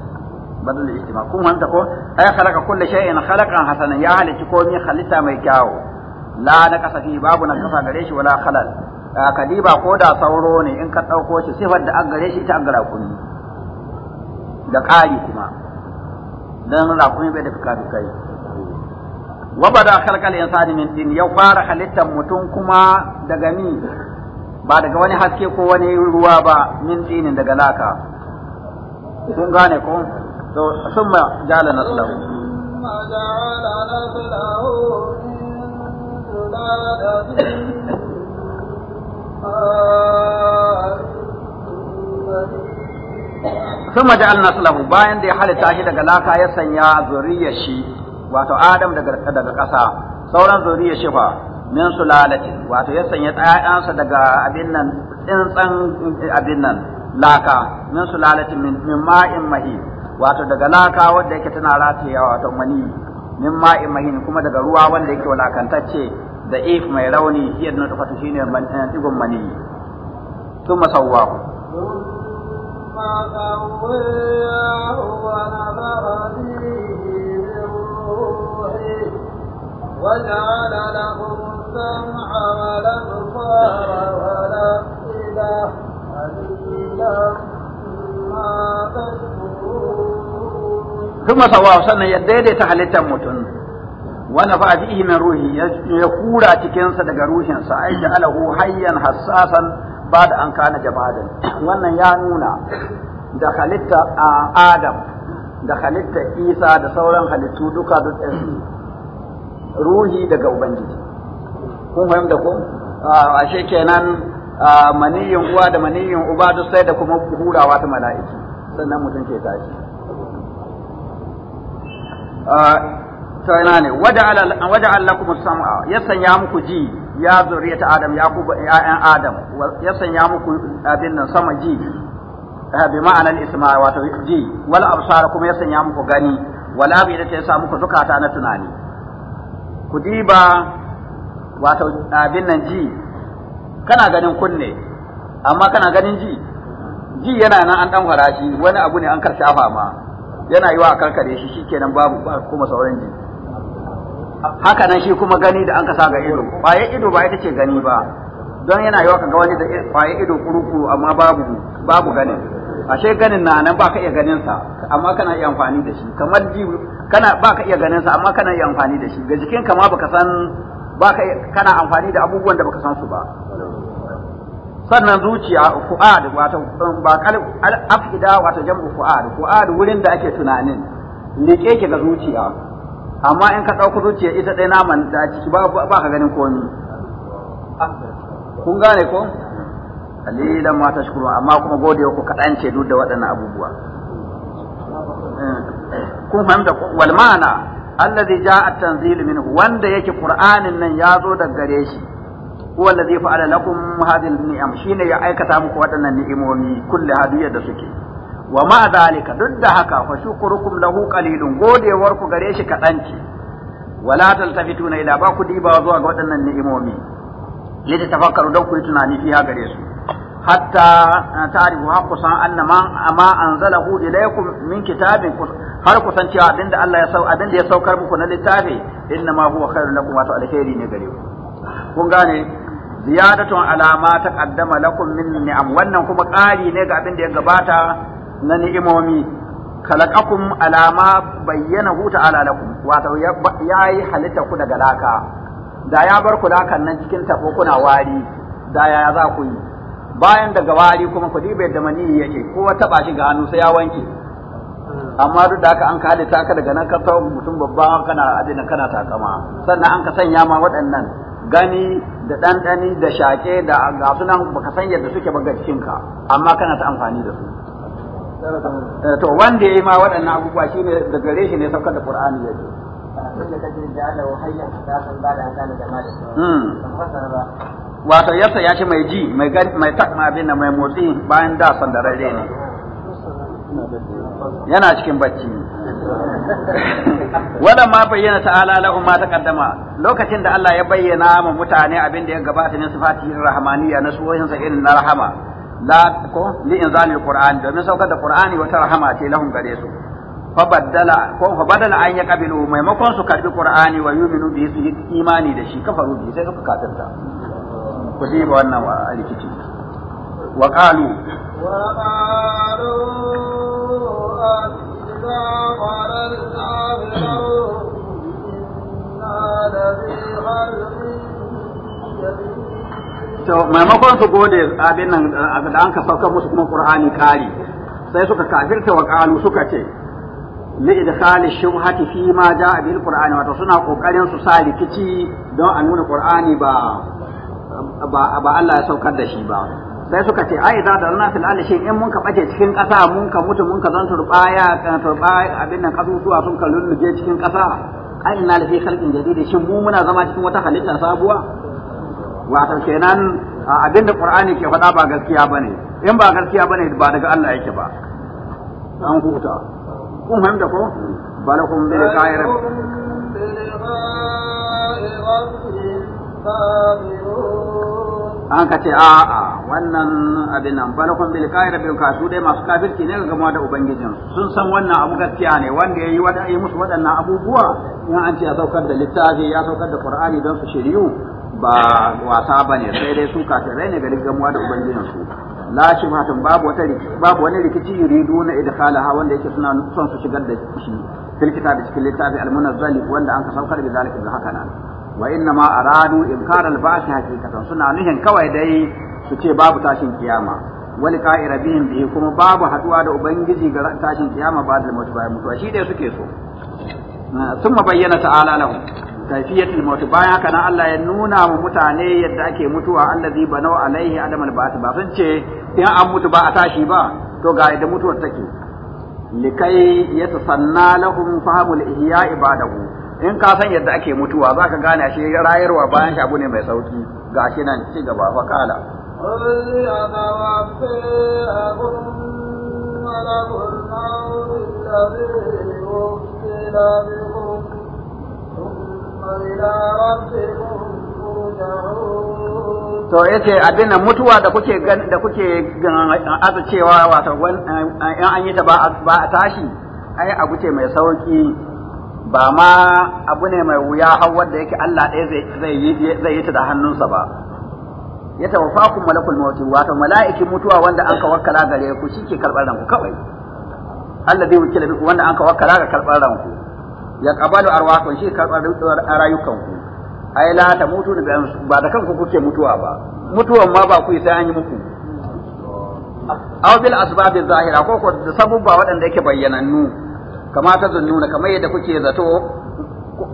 badal ijtima kun wanda ko ay khalaqa kulli shay'in khalaqan hasana ya halici mi halitta mai kyawo la na kasa babu na kafa gare shi wala khalal kadiba ko da sauro ne in ka dauko shi sifar da an gare shi ita an gara kuni da ƙari kuma dan rakumi bai da fika kai wa bada khalqal insani min din ya fara halitta mutum kuma daga ni ba daga wani haske ko wani ruwa ba min dinin daga laka kun gane ko ثم جعل نسله جعل نسله ثم جعل نسله bayan da ya halitta shi daga laka ya sanya shi wato Adam daga ƙasa sauran zuriyar shi fa min sulalati wato ya sanya ƴaƴansa daga abin nan tsintsan abin nan laka min sulalati min ma'in mahi wato daga laka wanda yake tana rataya wato mani min ma'i mahin kuma daga ruwa wanda yake walakantacce da if mai rauni iya na tufatu shine eh, digon mani thumma sawwahu وجعل لكم السمع قليلا ما ثم سواه سنة يديد تحلتا متن ونفع فيه من روحي يكورا تكنسا دقا روحنسا أي جعله حيا حساسا بعد أن كان جبادا وأن يانونا da halitta Adam da halitta Isa da sauran halittu duka duk ɗansu ruhi daga Ubangiji. Kun fahimta ko? Ashe kenan maniyin uwa da maniyin uba duk sai da kuma hurawa ta mala'iki sannan mutum ke tashi. ta yana ne waja allakum sam'a ya sanya muku ji ya zuriyata adam ya ku ya'yan adam ya sanya muku abin nan sama ji eh, bi ma'anar isma wato ji wal absar kuma ya sanya muku gani wala bi da ya sa muku zukata na tunani ku diba wato abin nan ji kana ganin kunne amma kana ganin ji ji yana nan an dan farashi wani abu ne an karshafa ma yana yiwa a karkare shi shikenan babu ba kuma sauran jini haka nan shi kuma gani da an ka sa ga ido kwaye ido ba ita ce gani ba don yana yiwa ka ga wani da kwaye ido kurukuru amma babu babu ganin ashe ganin na nan baka iya ganin sa amma kana iya amfani da shi kamar ji kana baka iya ganin sa amma kana iya amfani da shi ga jikin kama baka san baka kana amfani da abubuwan da baka san su ba sannan zuciya fu'ad wato um, ba kalb al afida wato jam'u fu'ad fu'ad wurin da ake tunanin leke ke ga zuciya amma in ka dauko zuciya ita dai naman da ciki ba ba ka ganin komai kun gane ko kalilan ma tashkuru amma kuma gode ku kadan ce duk da waɗannan abubuwa kun fahimta wal ma'ana alladhi ja'a tanzil minhu wanda yake qur'anin nan ya zo daga gare shi huwa allazi fa'ala lakum hadhihi ni'am shine ya aikata muku waɗannan ni'imomi kulli hadiyya da suke wa ma zalika duk da haka fa shukrukum lahu qalilun godewar ku gare shi kadan ce wala taltafituna ila ba ku diba zuwa ga waɗannan ni'imomi lita tafakkaru don ku yi tunani fiha gare su hatta eh, ta'rifu haqqan anna ma ma anzalahu ilaykum min kitabin har ku san cewa abinda Allah ya sau abinda ya saukar muku na littafi inna ma huwa khairun lakum wa alkhairi ne gare ku kun gane ziyadatun alama ta kaddama lakum min ni'am wannan kuma ƙari ne ga abin da ya gabata na ni'imomi kalakakum alama bayyana hu ala lakum wato yayi halitta ku daga laka da ya bar ku lakan nan cikin tafo kuna wari da yaya za ku yi bayan daga wari kuma ku dibe da mani yake wata ba shi ga hannu sai ya wanke amma duk da haka an halitta ka daga nan ka mutum babba kana adina kana takama sannan an ka sanya ma waɗannan gani da ɗanɗani da shaƙe da ga sunan baka san yadda suke ba ga ka amma kana ta amfani da su eh, to wanda ya yi ma waɗannan abubuwa shi ne da gare shi ne saukar da Qur'ani ya ce hmm. wato yasa ya ce mai ji mai gani mai takma abin da mai motsi bayan da sandararre ne yana cikin bacci wadda ma bayyana ta'ala lahum ma taqaddama lokacin da Allah ya bayyana mu mutane abin da ya gabata ne sifatin rahmaniya na suwayin sa irin na rahama la ko ni inzali alquran domin saukar da qur'ani wata rahama ce lahum gare su fa baddala ko fa badala an ya qabilu maimakon su karbi qur'ani wa yuminu bi su imani da shi kafaru bi sai suka kafirta ku ji wannan wa alkitabi wa qalu wa qalu maimakon su gode abin nan da an ka saukar musu kuma qur'ani kari sai suka kafirta wa kalu suka ce li idkhali shubhati fi ma jaa bil qur'ani wato suna ƙoƙarin su sa rikici don a nuna qur'ani ba Allah ya saukar da shi ba sai suka ce ai da dalna fil ardi shi in mun ka bace cikin ƙasa mun ka mutu mun ka zan turbaya kan eh, turba abin nan zuwa sun ka lulluje cikin ƙasa ai inna lafi khalqin jadidi shin mu muna zama cikin wata halitta sabuwa wato kenan abin da qur'ani ke faɗa ba gaskiya bane in ba gaskiya bane ba daga Allah yake ba an huta kun fahimta ko balakum bil qayr bil qair an ka ce a'a wannan abin nan balakon bil kafir bil kasu dai masu kafirci ne ga da ubangijin sun san wannan abu gaskiya ne wanda yayi wada yi musu waɗannan abubuwa in an ce ya saukar da littafi ya saukar da qur'ani don su shiryu ba wasa bane sai dai su kafirai ne ga gamuwa da ubangijin su la babu wata babu wani rikici yuridu na idkhalaha wanda yake suna son su shigar da shi fil da cikin littafi al-munazzali wanda an ka saukar da zalika da haka nan wa inna ma aradu inkar al-ba'th hakikatan suna nihin kawai dai su ce babu tashin kiyama wal qa'irabihim bi kuma babu haduwa da ubangiji ga tashin kiyama ba da mutu bayan mutuwa shi dai suke so sun bayyana ta'ala lahum kaifiyatul maut bayan haka nan Allah ya nuna mu mutane yadda ake mutuwa allazi banau alaihi adam al-ba'th ba sun ce in an mutu ba a tashi ba to ga yadda mutuwar take likai yatasanna lahum fahmul ihya ibadahu in ka san yadda ake mutuwa za ka gane shi rayarwa bayan shi abu ne mai sauki ga shi nan ci gaba fa kala to yace abin nan mutuwa da kuke da kuke azu wato eh, an yi ta ba a tashi ai abu ce mai sauki ba ma abu ne mai wuya har wanda yake Allah ɗaya zai yi zai yi ta da hannunsa ba ya tawaffakum malakul mauti wato mala'ikin mutuwa wanda an kawakkala gare ku shi ke karɓar ranku kawai Allah zai wuce biku wanda an kawakkala ga karɓar ranku ya qabalu arwakum shi karɓar rayukanku ai la ta mutu da ba da kanku kuke mutuwa ba mutuwan ma ba ku sai an yi muku aw bil asbabi zahira ko ko da sabubba waɗanda yake bayyanannu kama ta zunnuna kamar yadda kuke zato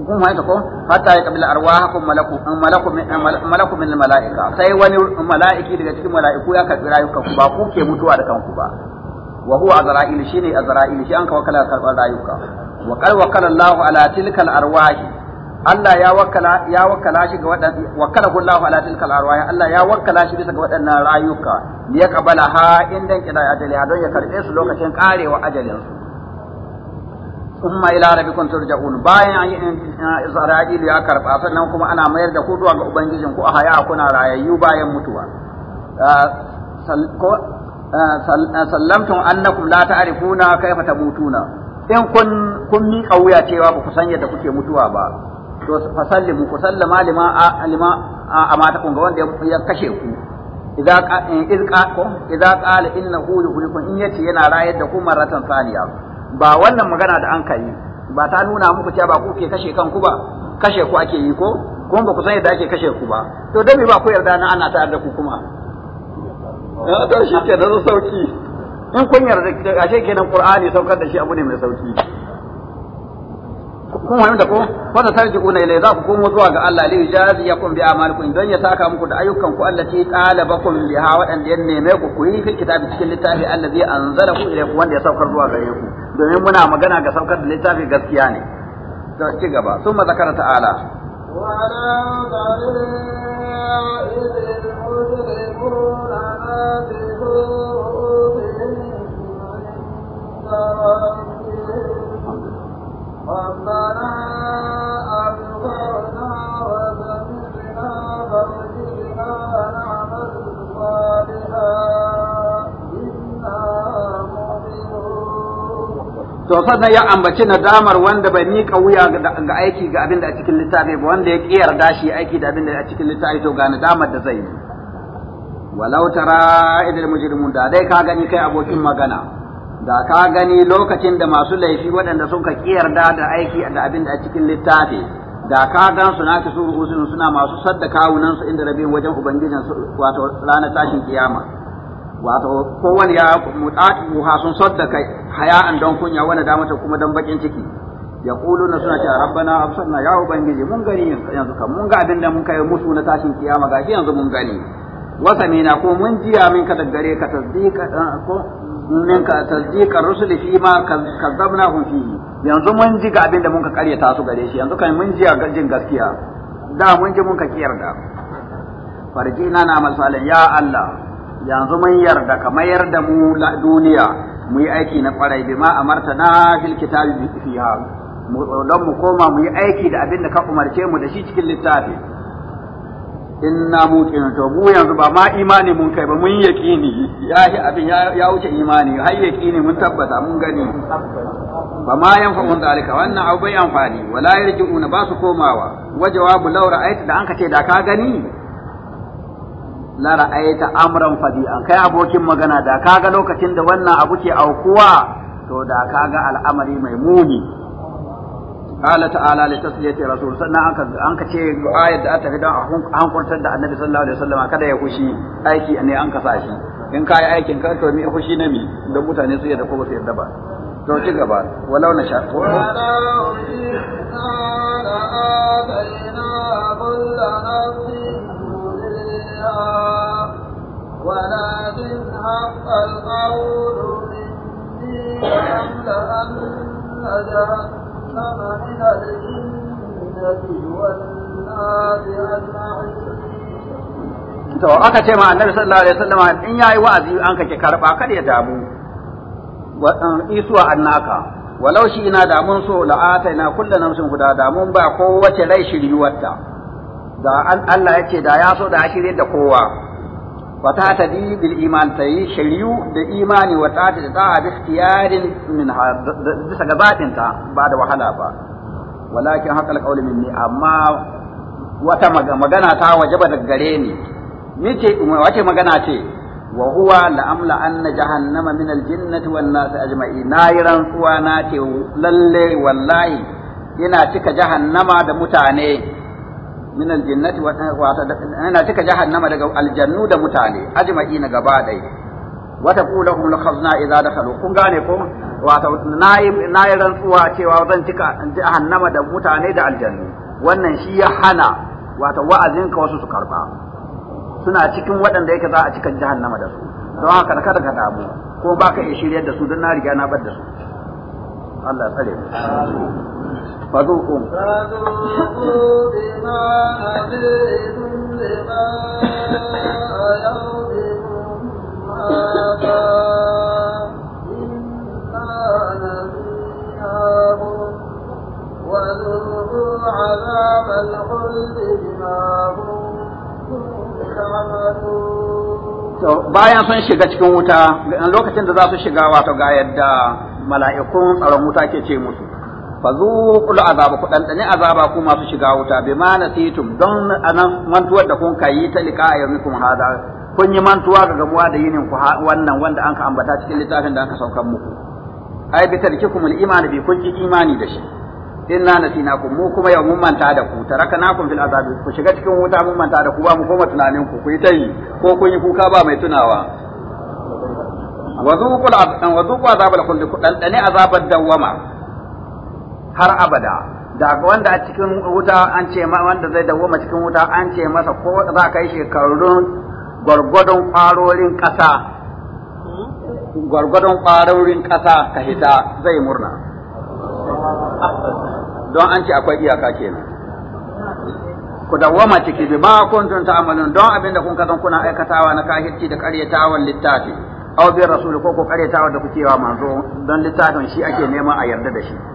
kun fahimta ko hatta ya kabila arwahakum malaku malaku malaku min malaika sai wani malaiki daga cikin malaiku ya karbi rayukan ku ba ku ke mutuwa da kanku ba wa huwa azra'il shine azra'il shi an ka wakala karban rayuka wa qad wakala Allahu ala tilkal arwahi Allah ya wakala ya wakala shi ga wadannan wakala Allahu ala tilkal arwahi Allah ya wakala shi bisa ga wadannan rayuka ne ya kabala ha indan kida ajali don ya karbe su lokacin karewa ajalin su summa ila rabbikum turja'un bayan Isra'il ya karba sannan kuma ana mayar da kudu ga ubangijin ku a haya kuna rayayyu bayan mutuwa ah, ah, ah, sallamtum annakum la ta'rifuna kayfa tamutuna in kun kun mi kauya cewa ba ku san yadda kuke mutuwa ba to fasallimu ku sallama lima lima amata kun ga wanda ya kashe ku idza eh, idza qala innahu yuhlikun in yace yana rayar da ku maratan saniya ba wannan magana da an kai ba ta nuna muku cewa ba ku ke kashe kanku ba kashe ku ake yi ko kuma ba ku san yadda ake kashe ku ba to dan me ba ku yarda na ana ta'ar da ku kuma ah, ta shi ke da sauki in kun yarda ashe kenan qur'ani saukar da shi abu ne mai sauki kun wani da ko wanda ta kuna ilai za ku komo zuwa ga Allah li yakum bi amalikum don ya saka muku da ayyukan ku allati talabakum biha waɗanda ya neme ku ku yi kitabi cikin littafi Allah allazi anzalahu ilaykum wanda ya saukar zuwa gare ku domin muna magana ga saukar da littafi gaskiya ne da ci gaba sun mazakar ta'ala ربنا to sannan ya ambaci nadamar wanda bai mika wuya ga aiki ga abin da a cikin littafi ba wanda ya kiyar dashi aiki da abin da a cikin littafi to ga nadamar da zai yi walau tara idan mujrimun da dai ka gani kai abokin magana da ka gani lokacin da masu laifi waɗanda suka ka kiyar da da aiki da abin da a cikin littafi da ka gan su naki su suna masu sadda kawunansu inda rabin wajen ubangijin wato ranar tashin kiyama wato kowane ya mutatu ha sun saddaka haya'an don kunya wani damata kuma don bakin ciki ya kulu na suna cewa rabbana absarna ya ubangiji mun gani yanzu kan mun ga abin da mun kai musu na tashin kiyama gashi yanzu mun gani mina ko mun jiya min ka daggare ka tasdiqa eh, ko min ka tasdiqa rusul fi ma kazzabna hum fihi yanzu mun ji ga abin da mun ka karya su gare shi yanzu kan mun jiya jin gaskiya da mun ji mun ka kiyarda farjina na amal salih ya Allah yanzu mun yarda ka mayar da mu duniya mu yi aiki na kwarai amarta na fil kitabi fiha don mu koma mu yi aiki da abin da ka umarce mu da shi cikin littafi inna muqin to mu yanzu ba ma imani mun kai ba mun yaqini ya abin ya wuce imani har yaqini mun tabbata mun gani ba ma yanfa'un zalika wannan abu bai amfani wala yarji'una ba su komawa wa jawabu laura ayat da an ka ce da ka gani la ra'aita amran fadi'an kai abokin magana da kaga lokacin da wannan abu ke aukuwa to da kaga al'amari mai muni qala ta'ala li tasliyati rasul sannan anka anka ce ayat da aka fidan an hankurtar da annabi sallallahu alaihi wasallam kada ya kushi aiki ne an kasa shi in ka yi aikin ka to ni kushi na mi don mutane su yadda ko ba su yadda ba to ci gaba walau na sha ko ta'ala ولكن حق القول مني لأملأن جهنم من الجنة والنار أجمعين to aka ce ma annabi sallallahu alaihi wasallam in yayi wa'azi an kake karba kar ya damu um, isuwa annaka walau shi ina damun so la'ata ina kullu namsin guda damun ba ko wace rai shiriwarta da Allah ya ce da ya so da shirye da kowa wa ta tadi bil iman tayi shari'u da imani wa ta da ta bi ikhtiyarin min bisa gabatin ta ba da wahala ba walakin haka alqawli minni amma wata magana ta wajaba daga gare ni ce wace magana ce wa huwa la amla anna jahannama min al jinnati wan nas ajma'in na yi rantsuwa na ce lalle wallahi ina cika jahannama da mutane min aljinnati wa ana cika jahannama daga aljannu da mutane ajma'ina gaba dai Wata taqulu lahum lakhazna idza dakhalu kun gane ko Wata na'im, nayi rantsuwa cewa zan cika jahannama da mutane da aljannu wannan shi ya hana wata wa'azin ka wasu su karba suna cikin waɗanda yake za a cika jahannama da su don haka kada ka damu ko baka iya shiryar da su don na riga na bar da su Allah ya tsare mu فذوقوا فذوقوا bayan sun shiga cikin wuta lokacin da za su shiga wato ga yadda mala'ikun tsaron wuta ke ce musu fazuqul azaba ku dandane azaba ku masu shiga wuta bima nasitum don anan mantuwar da kun kayi ta liqa yawmikum hada kun yi mantuwa ga gamuwa da yinin ku wannan wanda anka ambata cikin littafin da aka saukan muku ai bi tarkikum al-iman bi kun ki imani da shi inna nasinakum mu kuma yau mun manta da ku tarakanakum fil azab ku shiga cikin wuta mun manta da ku ba mu koma tunanin ku ku yi tayi ko kun yi kuka ba mai tunawa wa zuqul azab wa zuqul azab al-khuld ku dandane azabar dawama har abada da wanda a cikin wuta an ce wanda zai dawoma cikin wuta an ce masa ko za ka yi shekarun gwargwadon kwarorin ƙasa gwargwadon kwarorin kasa ka hita zai murna don an ce akwai iyaka kenan ku dawwama ciki bi ma kuntum ta'malun don abinda kun kasan kuna aikatawa na kafirci da ƙaryatawan littafi aw bi rasul ko ku ƙaryatawa da kuke wa manzo don littafin shi ake nema a yarda da shi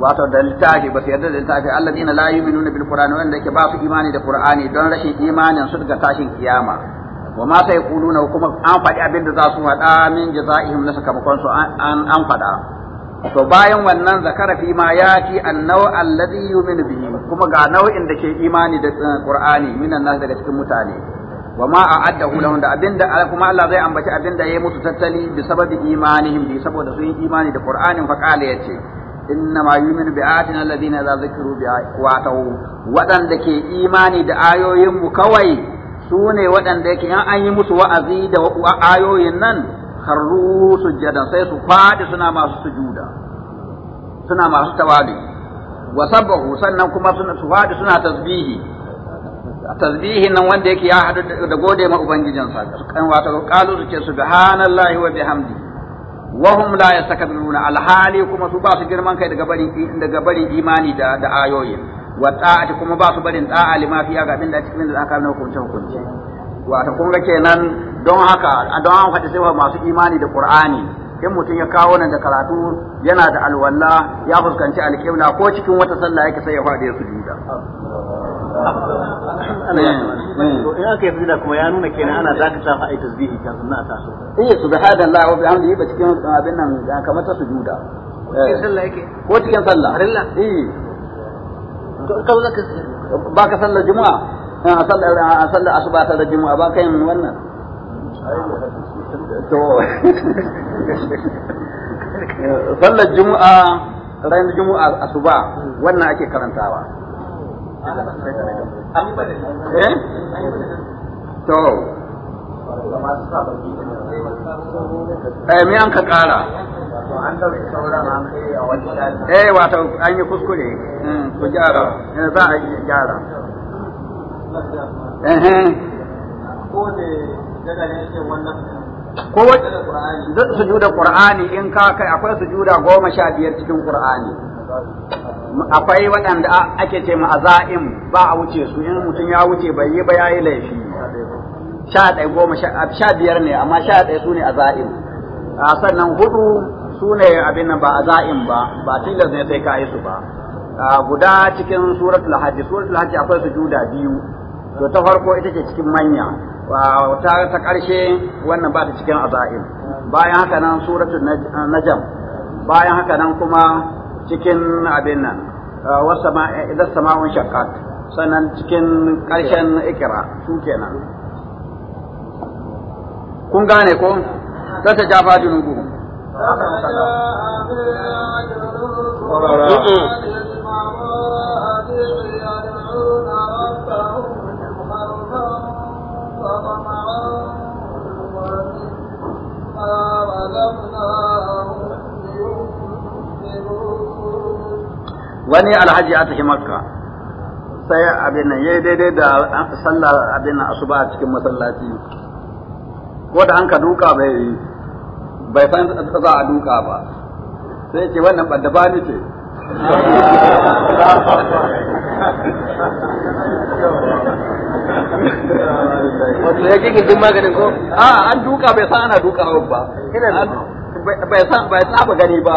wato da littafi ba su yarda da littafi alladina la yu'minuna bil qur'ani wanda yake ba su imani da qur'ani don rashin imanin su daga tashin kiyama wa ma sai kuluna kuma an faɗi abin da za su faɗa min jazaihim na sakamakon su an faɗa to bayan wannan zakara fi ma ya yati annau alladhi yu'minu bihi kuma ga nau'in da ke imani da eh, qur'ani minan nas daga cikin mutane wa ma a'addahu lahum da kuma Allah zai ambaci abin da ya yi musu tattali bi sababi imanihim bi saboda su yi imani da qur'anin fa ya ce. innama yuminu bi ayatina alladhina idza zukiru bi wato waɗanda ke imani da ayoyin mu kawai su ne waɗanda yake in an yi musu wa'azi da ayoyin nan kharru sujjadan sai su faɗi suna masu sujuda suna masu tawali wa sabbahu sannan kuma su faɗi suna tasbihi tasbihin nan wanda yake ya haɗu da gode ma ubangijinsa kan wato qalu su ce subhanallahi wa bihamdihi wahum la yastakbiruna alhali kuma su ba su girman kai daga bari daga imani da da ayoyin wa ta'ati kuma ba su barin da'a lima ga abin da cikin da aka nuna hukunce hukunce wato kun ga kenan don haka don an faɗi sai masu imani da qur'ani in mutum ya kawo nan da karatu yana da alwala ya fuskanci alƙibla ko cikin wata sallah yake sai ya fadi ya sujuda Allah ya mm, mm. to in aka yi sujada kuma ya nuna kenan ana zaka sa ai tasbihi kan sunna ta so eh subhanallah wa bihamdihi ba cikin abin nan kamar ta sujuda cikin eh. sallah yake ko cikin sallah harilla eh to ka zaka ba ka sallar juma'a eh, a sallar a sallar asuba sallar juma'a ba kai wannan to eh, sallar juma'a ran juma'a asuba mm. wannan ake karantawa eh to eh me an ka kara eh wato an yi kuskure hmm, ku gyara eh, za a yi gyara ko wace sujuda qur'ani su Qur'ani in ka kai akwai su sujuda goma sha biyar cikin qur'ani akwai waɗanda ake ce ma'aza'im ba a wuce su in mutum ya wuce bai yi ba ya yi laifi sha ɗaya goma sha biyar ne amma sha ɗaya su ne a aza'im sannan hudu su ne abin nan ba za'im ba ba tilas ne sai ka yi su ba guda cikin suratul hajji suratul hajji akwai su juda biyu to ta farko ita ce cikin manya ta ta ƙarshe wannan ba ta cikin aza'im bayan haka nan suratul najam bayan haka nan kuma cikin abin nan uh, wasa ma eh, sama'un shakkat. sannan cikin karshen ikra su kenan kun gane ko ta ta jafa junubu Thank you. wani alhaji a tafi makka sai abin ya yi daidai da sallar abin nan asuba a cikin masallaci ko da an ka duka bai yi bai san za a duka ba sai ce wannan ba ni ce wato ya ji gindin maganin ko a ah, an duka bai san ana duka ba bai san bai tsaba gani ba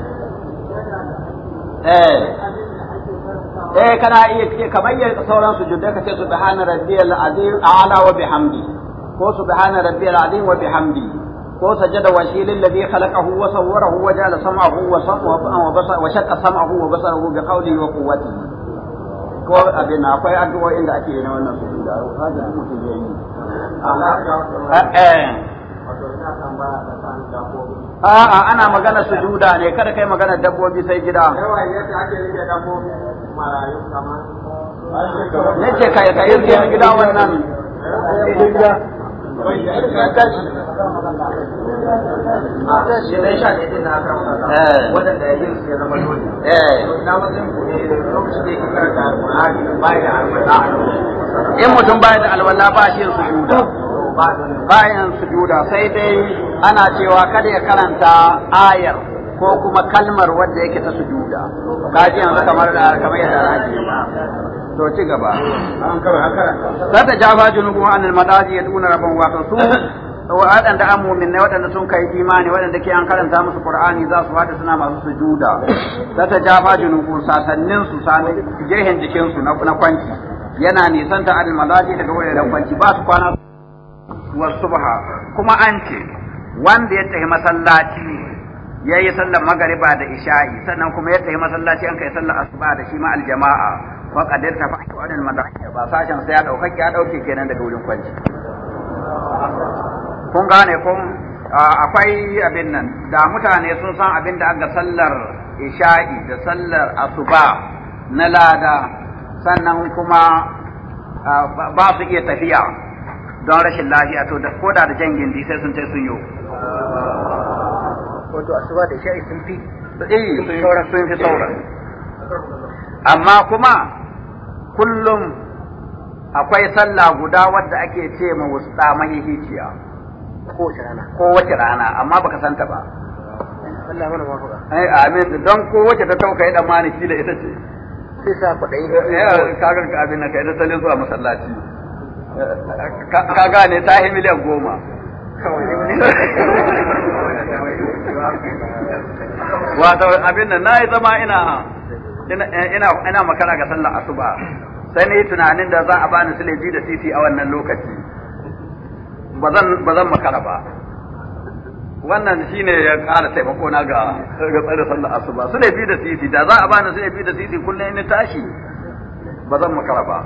Eh. eh kana iya ce kamar yadda sauran su ka ce subhana rabbiyal azim a'la wa bihamdi ko subhana rabbiyal azim wa bihamdi ko sajada wa shi lillazi khalaqahu wa sawwarahu wa ja'ala sam'ahu wa sam'ahu wa basara wa shaqqa sam'ahu wa basarahu bi qawli wa quwwatihi ko abin akwai addu'o'in da ake yi na wannan su da hajji mutum yayi eh a'a ana magana sujuda ne kada kai magana dabbobi sai gida yace kai ka yi gida wannan eh. eh. in mutum baya da alwala ba shi sujuda bayan sujuda sai dai ana cewa kada ya karanta ayar ko kuma kalmar wadda yake ta sujuda kaji yanzu kamar da kamar yadda raji to ci gaba za ta jafa junubu an almadaji ya tuna rabon wato su waɗanda an mumin waɗanda sun kai imani waɗanda ke an karanta musu qur'ani za su fada suna masu sujuda za ta jafa junubu sasannin su sani jehen su na kwanci yana nisan ta almadaji daga wuraren kwanci ba su kwana wa subha kuma an ce wanda ya tafi masallaci ya yi sallar magariba da isha'i sannan kuma ya tafi masallaci an kai sallar asuba da shi ma aljama'a wa qadir ta fa'i wa dal madaki ba sashen sai ya dauka ya dauke kenan daga wurin kwanci kun gane kun akwai abin nan da mutane sun san abin da aka sallar isha'i da sallar asuba na lada sannan kuma ba su iya tafiya don rashin lafiya to ko da da jan gindi sai sun ce sun yo wato asuba da sha'i sun fi eh sauran sun fi sauran amma kuma kullum akwai sallah guda wadda ake ce ma wasu tsamani hiciya ko rana ko wace rana amma baka santa ba Allah mana mafuka eh, amin don ko wace ta tauka ya da mani shi da ita ce sai sa kudai eh kagan ka abin nan kai da salin zuwa masallaci ka gane ta yi miliyan goma wato abin nan na yi zama ina ina ina makara ga sallar asuba sai ni tunanin da za a bani sileji da titi a wannan lokaci ba zan makara ba wannan shine ya ƙara taimako na ga ga tsare sallar asuba sileji da titi da za a bani sileji da titi kullum ya tashi ba zan makara ba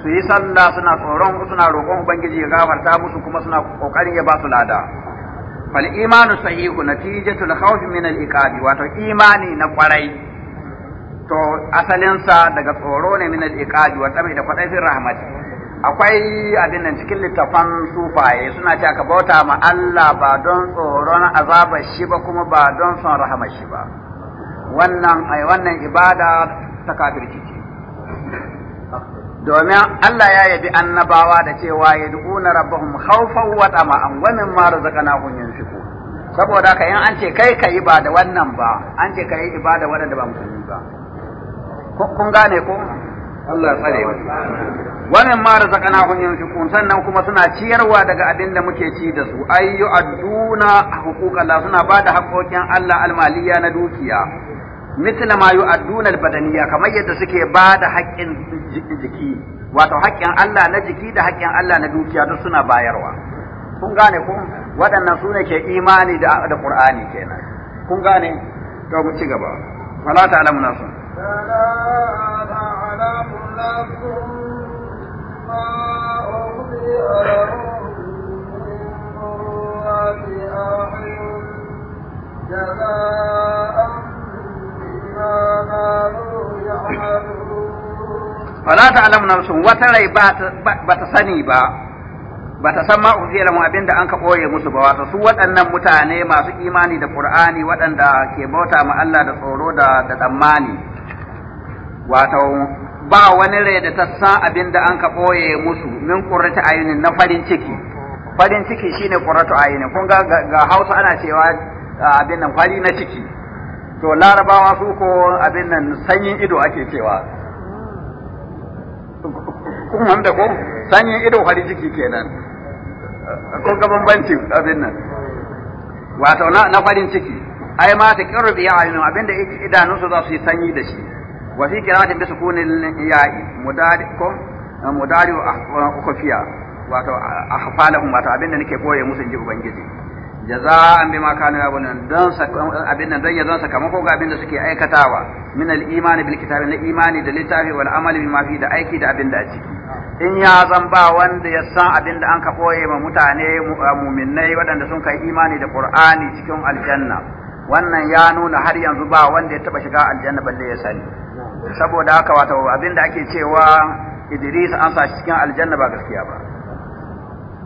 su yi sallah suna tsoron suna roƙon ubangiji ya gafarta musu kuma suna kokarin ya ba su lada fal imanu sahihu natijatul khawf min al iqabi wato imani na kwarai to asalin sa daga tsoro ne min al iqabi wa tabi da kwadai fir rahmati akwai abin nan cikin littafan sufaye suna cewa ka bauta ma Allah ba don tsoron azabar shi ba kuma ba don son rahamar shi ba wannan ai wannan ibada ta kafirci ce domin Allah ya yabi annabawa da cewa ya na rabbahum khawfan wa tama'an wa mimma razaqnahum yunfiqun saboda ka in an ce kai ka yi ba da wannan ba an ce ka yi ibada waɗanda ba yi ba kun gane ko Allah tsare mu wa mimma razaqnahum yunfiqun sannan kuma suna ciyarwa daga abin da muke ci da su ayyu adduna huquqan suna bada haƙoƙin Allah almaliya na dukiya mithla ma yu'adduna badaniya kamar yadda suke ba da haƙƙin jiki wato haƙƙin Allah na jiki da haƙƙin Allah na dukiya duk suna bayarwa kun gane kun waɗannan su ne ke imani da da Qur'ani kenan kun gane to mu ci gaba wala alamu nasu جزاء fala ta alamu nafsu wata rai ba ta sani ba ba ta san ma'u mu abin da an ka ɓoye musu ba wato su waɗannan mutane masu imani da ƙur'ani waɗanda ke bauta ma Allah da tsoro da da tsammani wato ba wani rai da ta san abin da an ka ɓoye musu min ƙurrata ayinin na farin ciki farin ciki shine ƙurratu ayinin kun ga ga Hausa ana cewa abin nan fari na ciki to larabawa su ko abin nan sanyin ido ake cewa kun hamda ko sanyin ido fari ciki kenan ko ga bambanci abin nan wato na farin ciki ai ma ta kirru biya ayinu abinda su za su yi sanyi da shi wa fi qira'atin bi sukunin ya'i mudari ko mudari ah, kofiya wato ah, ahfalahum wato abinda nake koye musu inji ubangiji jaza'an bima kanu yabunun don abin nan don ya zan sakamako ga abin da suke aikatawa min al-imani bil kitabi na imani da littafi wal amali bima fi da aiki da abin da a ciki in ya zan ba wanda ya san abin da an ka boye ma mutane mu'minnai waɗanda sun kai imani da qur'ani cikin aljanna wannan ya nuna har yanzu ba wanda ya taba shiga aljanna balle ya sani saboda haka wato abin da ake cewa Idris an sa cikin aljanna ba gaskiya ba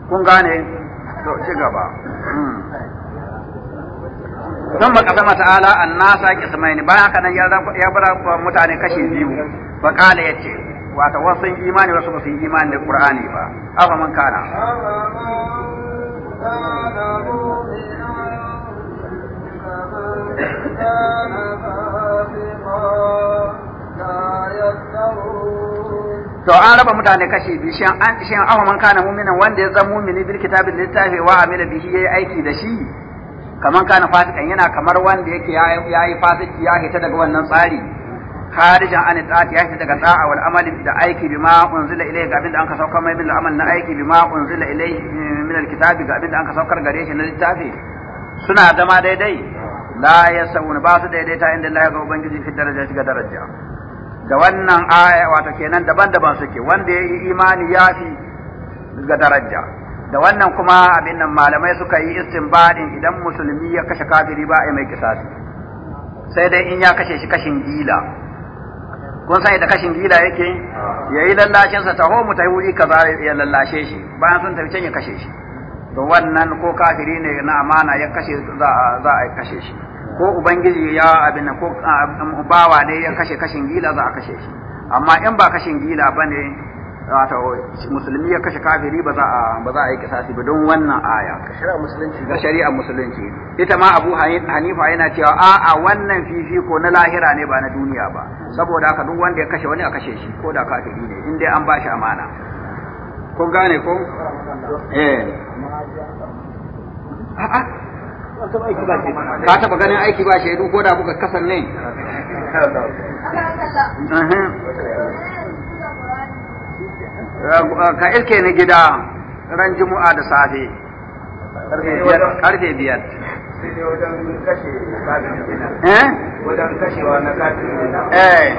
kun gane to ci gaba an قسم تعالى su قسمين bayan haka ya bar mutane kashi biyu ba kala ya ce wata wasu imani wasu ba su yi imani da qur'ani ba afa man kana كان فاسقا لا يسترون to an raba mutane kashi biyu shin an shin aw man kana mu'minan wanda ya zama mu'mini bil kitabi littafi wa amila bihi yayi aiki da shi kaman kana fasikan yana kamar wanda yake yayi fasiki ya hita daga wannan tsari kharijan an ta'ati ya hita daga ta'a wal amali da aiki bima unzila ilayhi ga abinda an ka saukar mai bil amal na aiki bima unzila ilayhi eh, min al kitabi ga abinda an ka saukar gare shi na littafi suna zama daidai la yasawun ba su daidaita inda Allah ya ga ubangiji fi daraja ga daraja da wannan aya wato kenan daban-daban suke wanda ya yi imani ya fi ga daraja da wannan kuma abin nan malamai suka yi istinbadin idan musulmi ya kashe kafiri ba a mai kisasi sai dai in ya kashe shi kashin gila kun san da kashin gila yake ya yi lallashin sa taho mu tahi wuri za ya lallashe shi bayan sun tafi can ya kashe shi to wannan ko kafiri ne na amana ya kashe za a kashe shi ko ubangiji ya abin ko um, bawa ne ya kashe kashin gila za a kashe shi amma in ba kashin gila bane wato musulmi ya kashe kafiri ba za a ba za a yi kisasi ba don wannan aya shari'a musulunci ga shari'a musulunci ita ma Abu Hanifa yana cewa a a wannan fifiko na lahira ne ba na duniya ba saboda haka duk wanda ya kashe wani a kashe shi ko da kafiri ne in dai an ba shi amana kun gane ko eh a'a ka taba ganin aiki ba shaidu ko da kuka kasan ne ka irke ni gida ran juma'a da safe karfe biyar wajen kashewa na kafin eh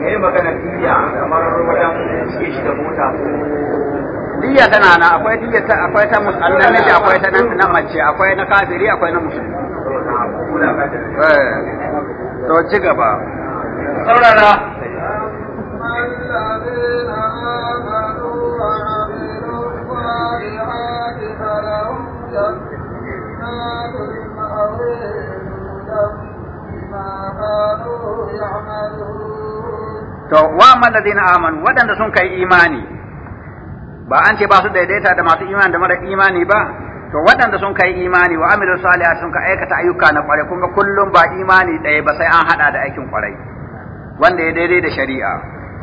me magana tiya kamar wajen shi da mota ko diya tana na akwai diya ta akwai ta musallan ne akwai ta nan na mace akwai na kafiri akwai na musulmi eh, to ci gaba saurara To, wa madadin aman waɗanda sun kai imani, ba an ce ba su daidaita da masu imani da mara imani ba to waɗanda sun kai imani wa amilu salihah sun ka aikata ayyuka na kwarai kun kullum ba imani ɗaya ba sai an haɗa da aikin kwarai wanda ya daidai da shari'a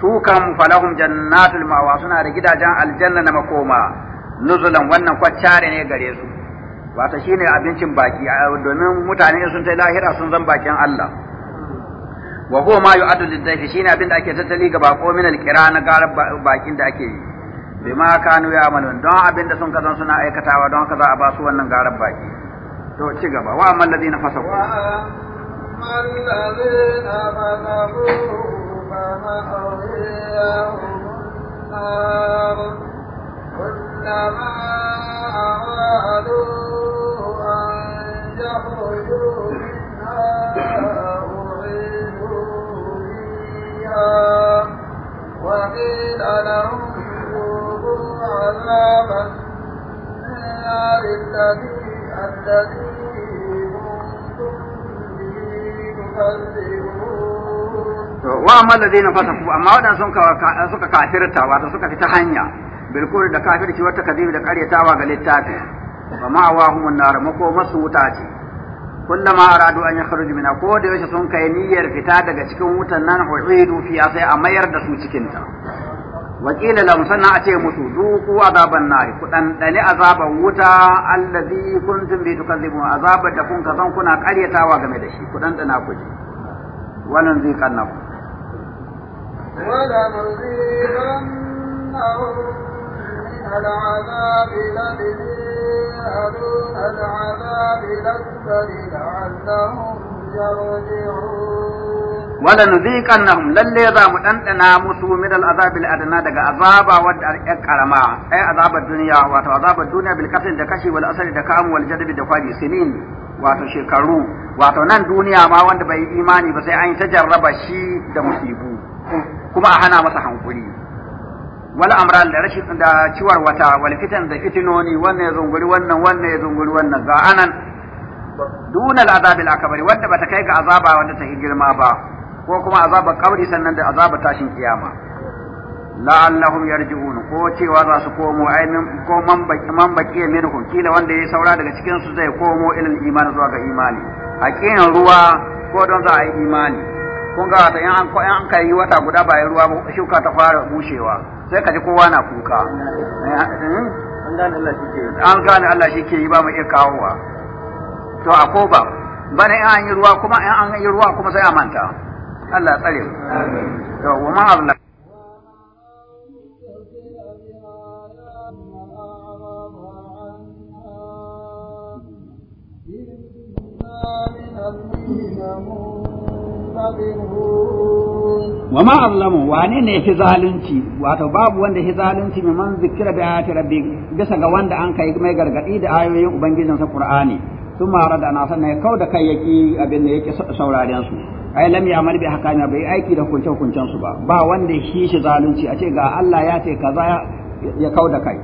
su kan falahum jannatul ma'wa suna da gidajen aljanna na makoma nuzulan wannan kwaccare ne gare su wato shine abincin baki domin mutane sun ta lahira sun zan bakin Allah wa huwa ma yu'addu lid shine abin da ake tattali ga bako min al-kira na garar bakin da ake yi bima kanu ya amalun don abin da sun kazan suna aikatawa don haka za a ba su wannan garar baki to ci gaba wa amal ladina fasaku wa wa amma ladina fasaku amma wadan sun ka suka kafirta wata suka fita hanya bilkul da kafirci wata kadibi da karyatawa ga littafi wa ma wa humun nar mako masu wuta ce kullama aradu an yakhruju mina ko da yaushe sun kai niyyar fita daga cikin wutan nan huidu fiya sai a mayar da su cikinta. ta wakila لهم sannan a ce mutu, zuku azaban nari ku ɗanɗani azaban wuta allazi kuntum bi tukazzibu azabar da kun kuna ƙaryatawa game da shi ku ɗanɗana ku العذاب لدني أدون العذاب لدني لعلهم يرجعون wala nuziqannahum lalle za mu dandana musu min al'azabil adna daga azaba wadda ya karama ai azabar duniya wato azabar duniya bil qatl da kashi wal asri da kamu wal jadbi da kwaji sinin wato shekaru wato nan duniya ma wanda bai imani ba sai an ta jarraba shi da musibu kuma a hana masa hankuri wal amral da rashin da ciwar wata wal fitan da fitinoni wannan ya zunguri wannan wannan ya zunguri wannan ga anan duna al'azabil akbari wanda bata kai ga azaba wanda ta girma ba ko kuma azaba kabri sannan da azaba tashin kiyama la'allahum yarji'un ko cewa za su komo ainin ko man baki man baki minhum kila wanda ya saura daga cikin su zai komo ilal iman zuwa ga imani hakiyan ruwa ko don za a yi imani kun ga ta an ko an kai wata guda ba ruwa ba shuka ta fara bushewa sai ka ji kowa na kuka an gane Allah shi ke yi Allah shi ke yi ba mu iya kawowa to a ko ba bana an yi ruwa kuma an yi ruwa kuma sai a manta Allah tsare mu to wa ma Allah wa ma'azlamu wane ne fi zalunci wato babu wanda fi zalunci mai man zikira da ayati rabbi bisa ga wanda an kai mai gargadi da ayoyin ubangijinsa qur'ani sun mara da na sannan kau da kai yaki abin da yake sauraren su ai lam ya'mal bi hakana bai aiki da hukunce hukuncen su ba ba wanda shi shi zalunci a ce ga Allah ya ce kaza ya kauda kai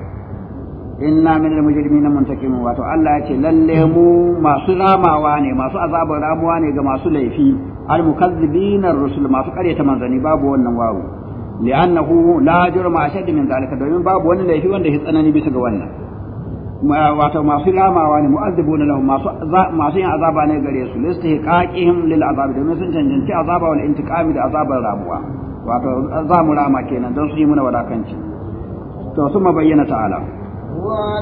inna min al-mujrimina muntakimun wato Allah ya ce lalle mu masu ramawa ne masu azabar ramuwa ne ga masu laifi al-mukazzibina rusul masu karyata manzani babu wannan wawo li'annahu la jurma ashad min zalika domin babu wani laifi wanda ya tsanani bisa ga wannan wato masu lamawa ne mu'azzibuna lahum masu masu yin azaba ne gare su lista listihqaqihim lil azab domin sun cancanci azaba wal intiqam da azabar rabuwa wato za mu rama kenan don su yi muna wadakanci to sun bayyana ta'ala wa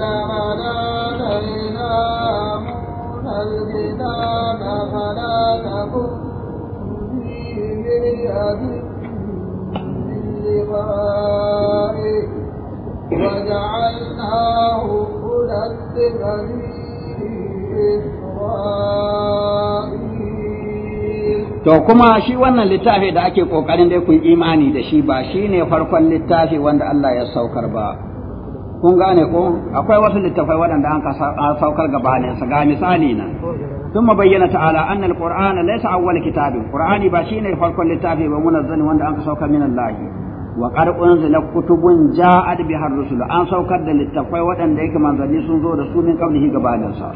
وجعلناه To kuma shi wannan littafi da ake ƙoƙarin dai kun imani da shi ba shi ne farkon littafi wanda Allah ya saukar ba. Kun gane ko akwai wasu littafai waɗanda an ka saukar gaba ne su ga misali na. Tumma bayyana ta'ala an al-Qur'ana laysa awwal kitabin. Qur'ani ba shi ne farkon littafi ba munazzani wanda an ka saukar min Allah. wa qarqun zina kutubun ja'at biha ar-rusul an saukar da littafai waɗanda yake manzani sun zo da su min qablihi gabanin sa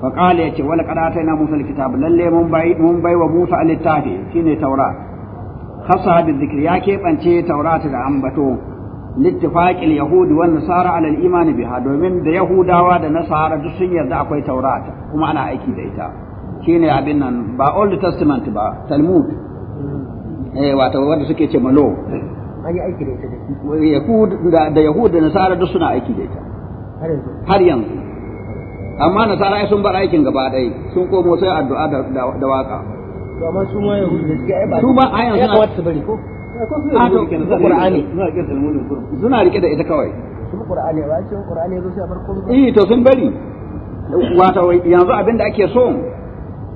fa qala yace wala qad atayna musa al-kitab lalle mun bai mun bai wa musa al-littafi ya keɓance taurat da ambato لاتفاق اليهود والنصارى على الإيمان بها دومين دا يهودا ودا نصارى duk sun yarda akwai Taurat kuma ana aiki da ita shine abin nan ba Old Testament ba Talmud eh wanda suke ce malo an yi aiki da ita da yahud da nasara duk suna aiki da ita har yanzu amma nasara sun bar aikin gaba ɗaya sun komo sai addu'a da waka amma su ma yahud da suke su ba ya bari ko suna rike da ita kawai qur'ani ba qur'ani sai a bar komai eh to sun bari yanzu abin da ake so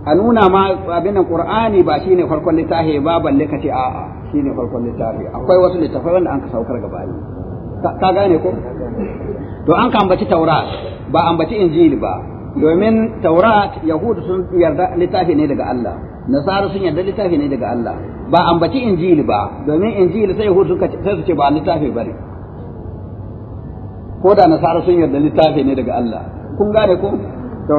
a nuna ma abin da qur'ani ba shine farkon littafi ba balle kace a'a ne farkon littafi akwai wasu littafai wanda an ka saukar ga bayi ka gane ko to an ka ambaci taurat ba ambaci injili ba domin taurat yahudu sun yarda littafi ne daga Allah nasara sun yarda littafi ne daga Allah ba ambaci injili ba domin injili sai yahudu suka sai su ce ba littafi bane ko da nasara sun yarda littafi ne daga Allah kun gane ko to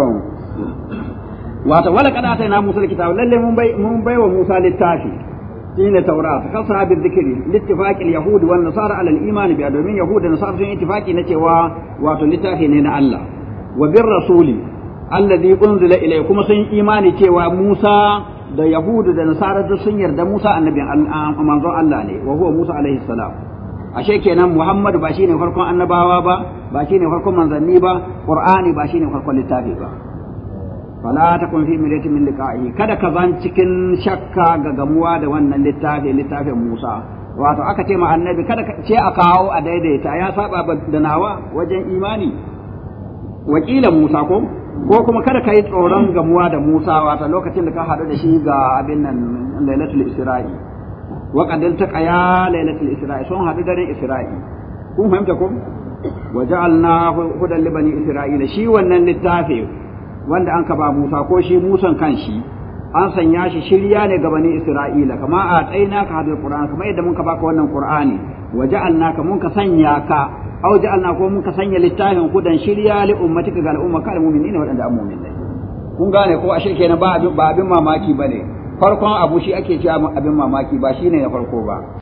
wato wala kada sai na musul kitab lalle mun bai mun bai wa Musa littafi shine taurat kasa bi dhikri littifaqil yahud wan nasara ala al bi domin yahud da nasara sun ittifaqi na cewa wato littafi ne na Allah wa bir rasuli alladhi unzila ilay kuma sun imani cewa Musa da Yahudu da Nasara duk sun yarda Musa annabin manzo Allah ne wa huwa Musa alaihi salam ashe kenan Muhammadu ba shine farkon annabawa ba ba shine farkon manzanni ba Qur'ani ba shine farkon littafi ba fala ta kun fi mirati min liqa'i kada ka zan cikin shakka ga gamuwa da wannan littafi littafin Musa wato aka ce ma annabi kada ce a kawo a daidaita ya saba da nawa wajen imani wakila Musa ko ko kuma kada ka yi tsoron gamuwa da Musa wato lokacin da ka haɗu da shi ga abin nan lailatul isra'i wa qadil taqaya lailatul isra'i sun haɗu daren isra'i kun fahimta ko وجعلنا هدى لبني إسرائيل شي ونن التافي wanda an ka ba Musa ko shi Musan kanshi an sanya shi shirya ne ga bani Isra'ila kama a tsaina ka hadal Qur'an kama yadda mun ka baka wannan Qur'ani wa ja'alnaka mun ka sanya ka aw ja'alna ko mun ka sanya littafin ku dan shirya li ummatika ga al'umma ka almu'minina wadanda an mu'minai kun gane ko ashe kenan ba abin ba abin mamaki bane farkon abu shi ake cewa abin mamaki ba shine na farko ba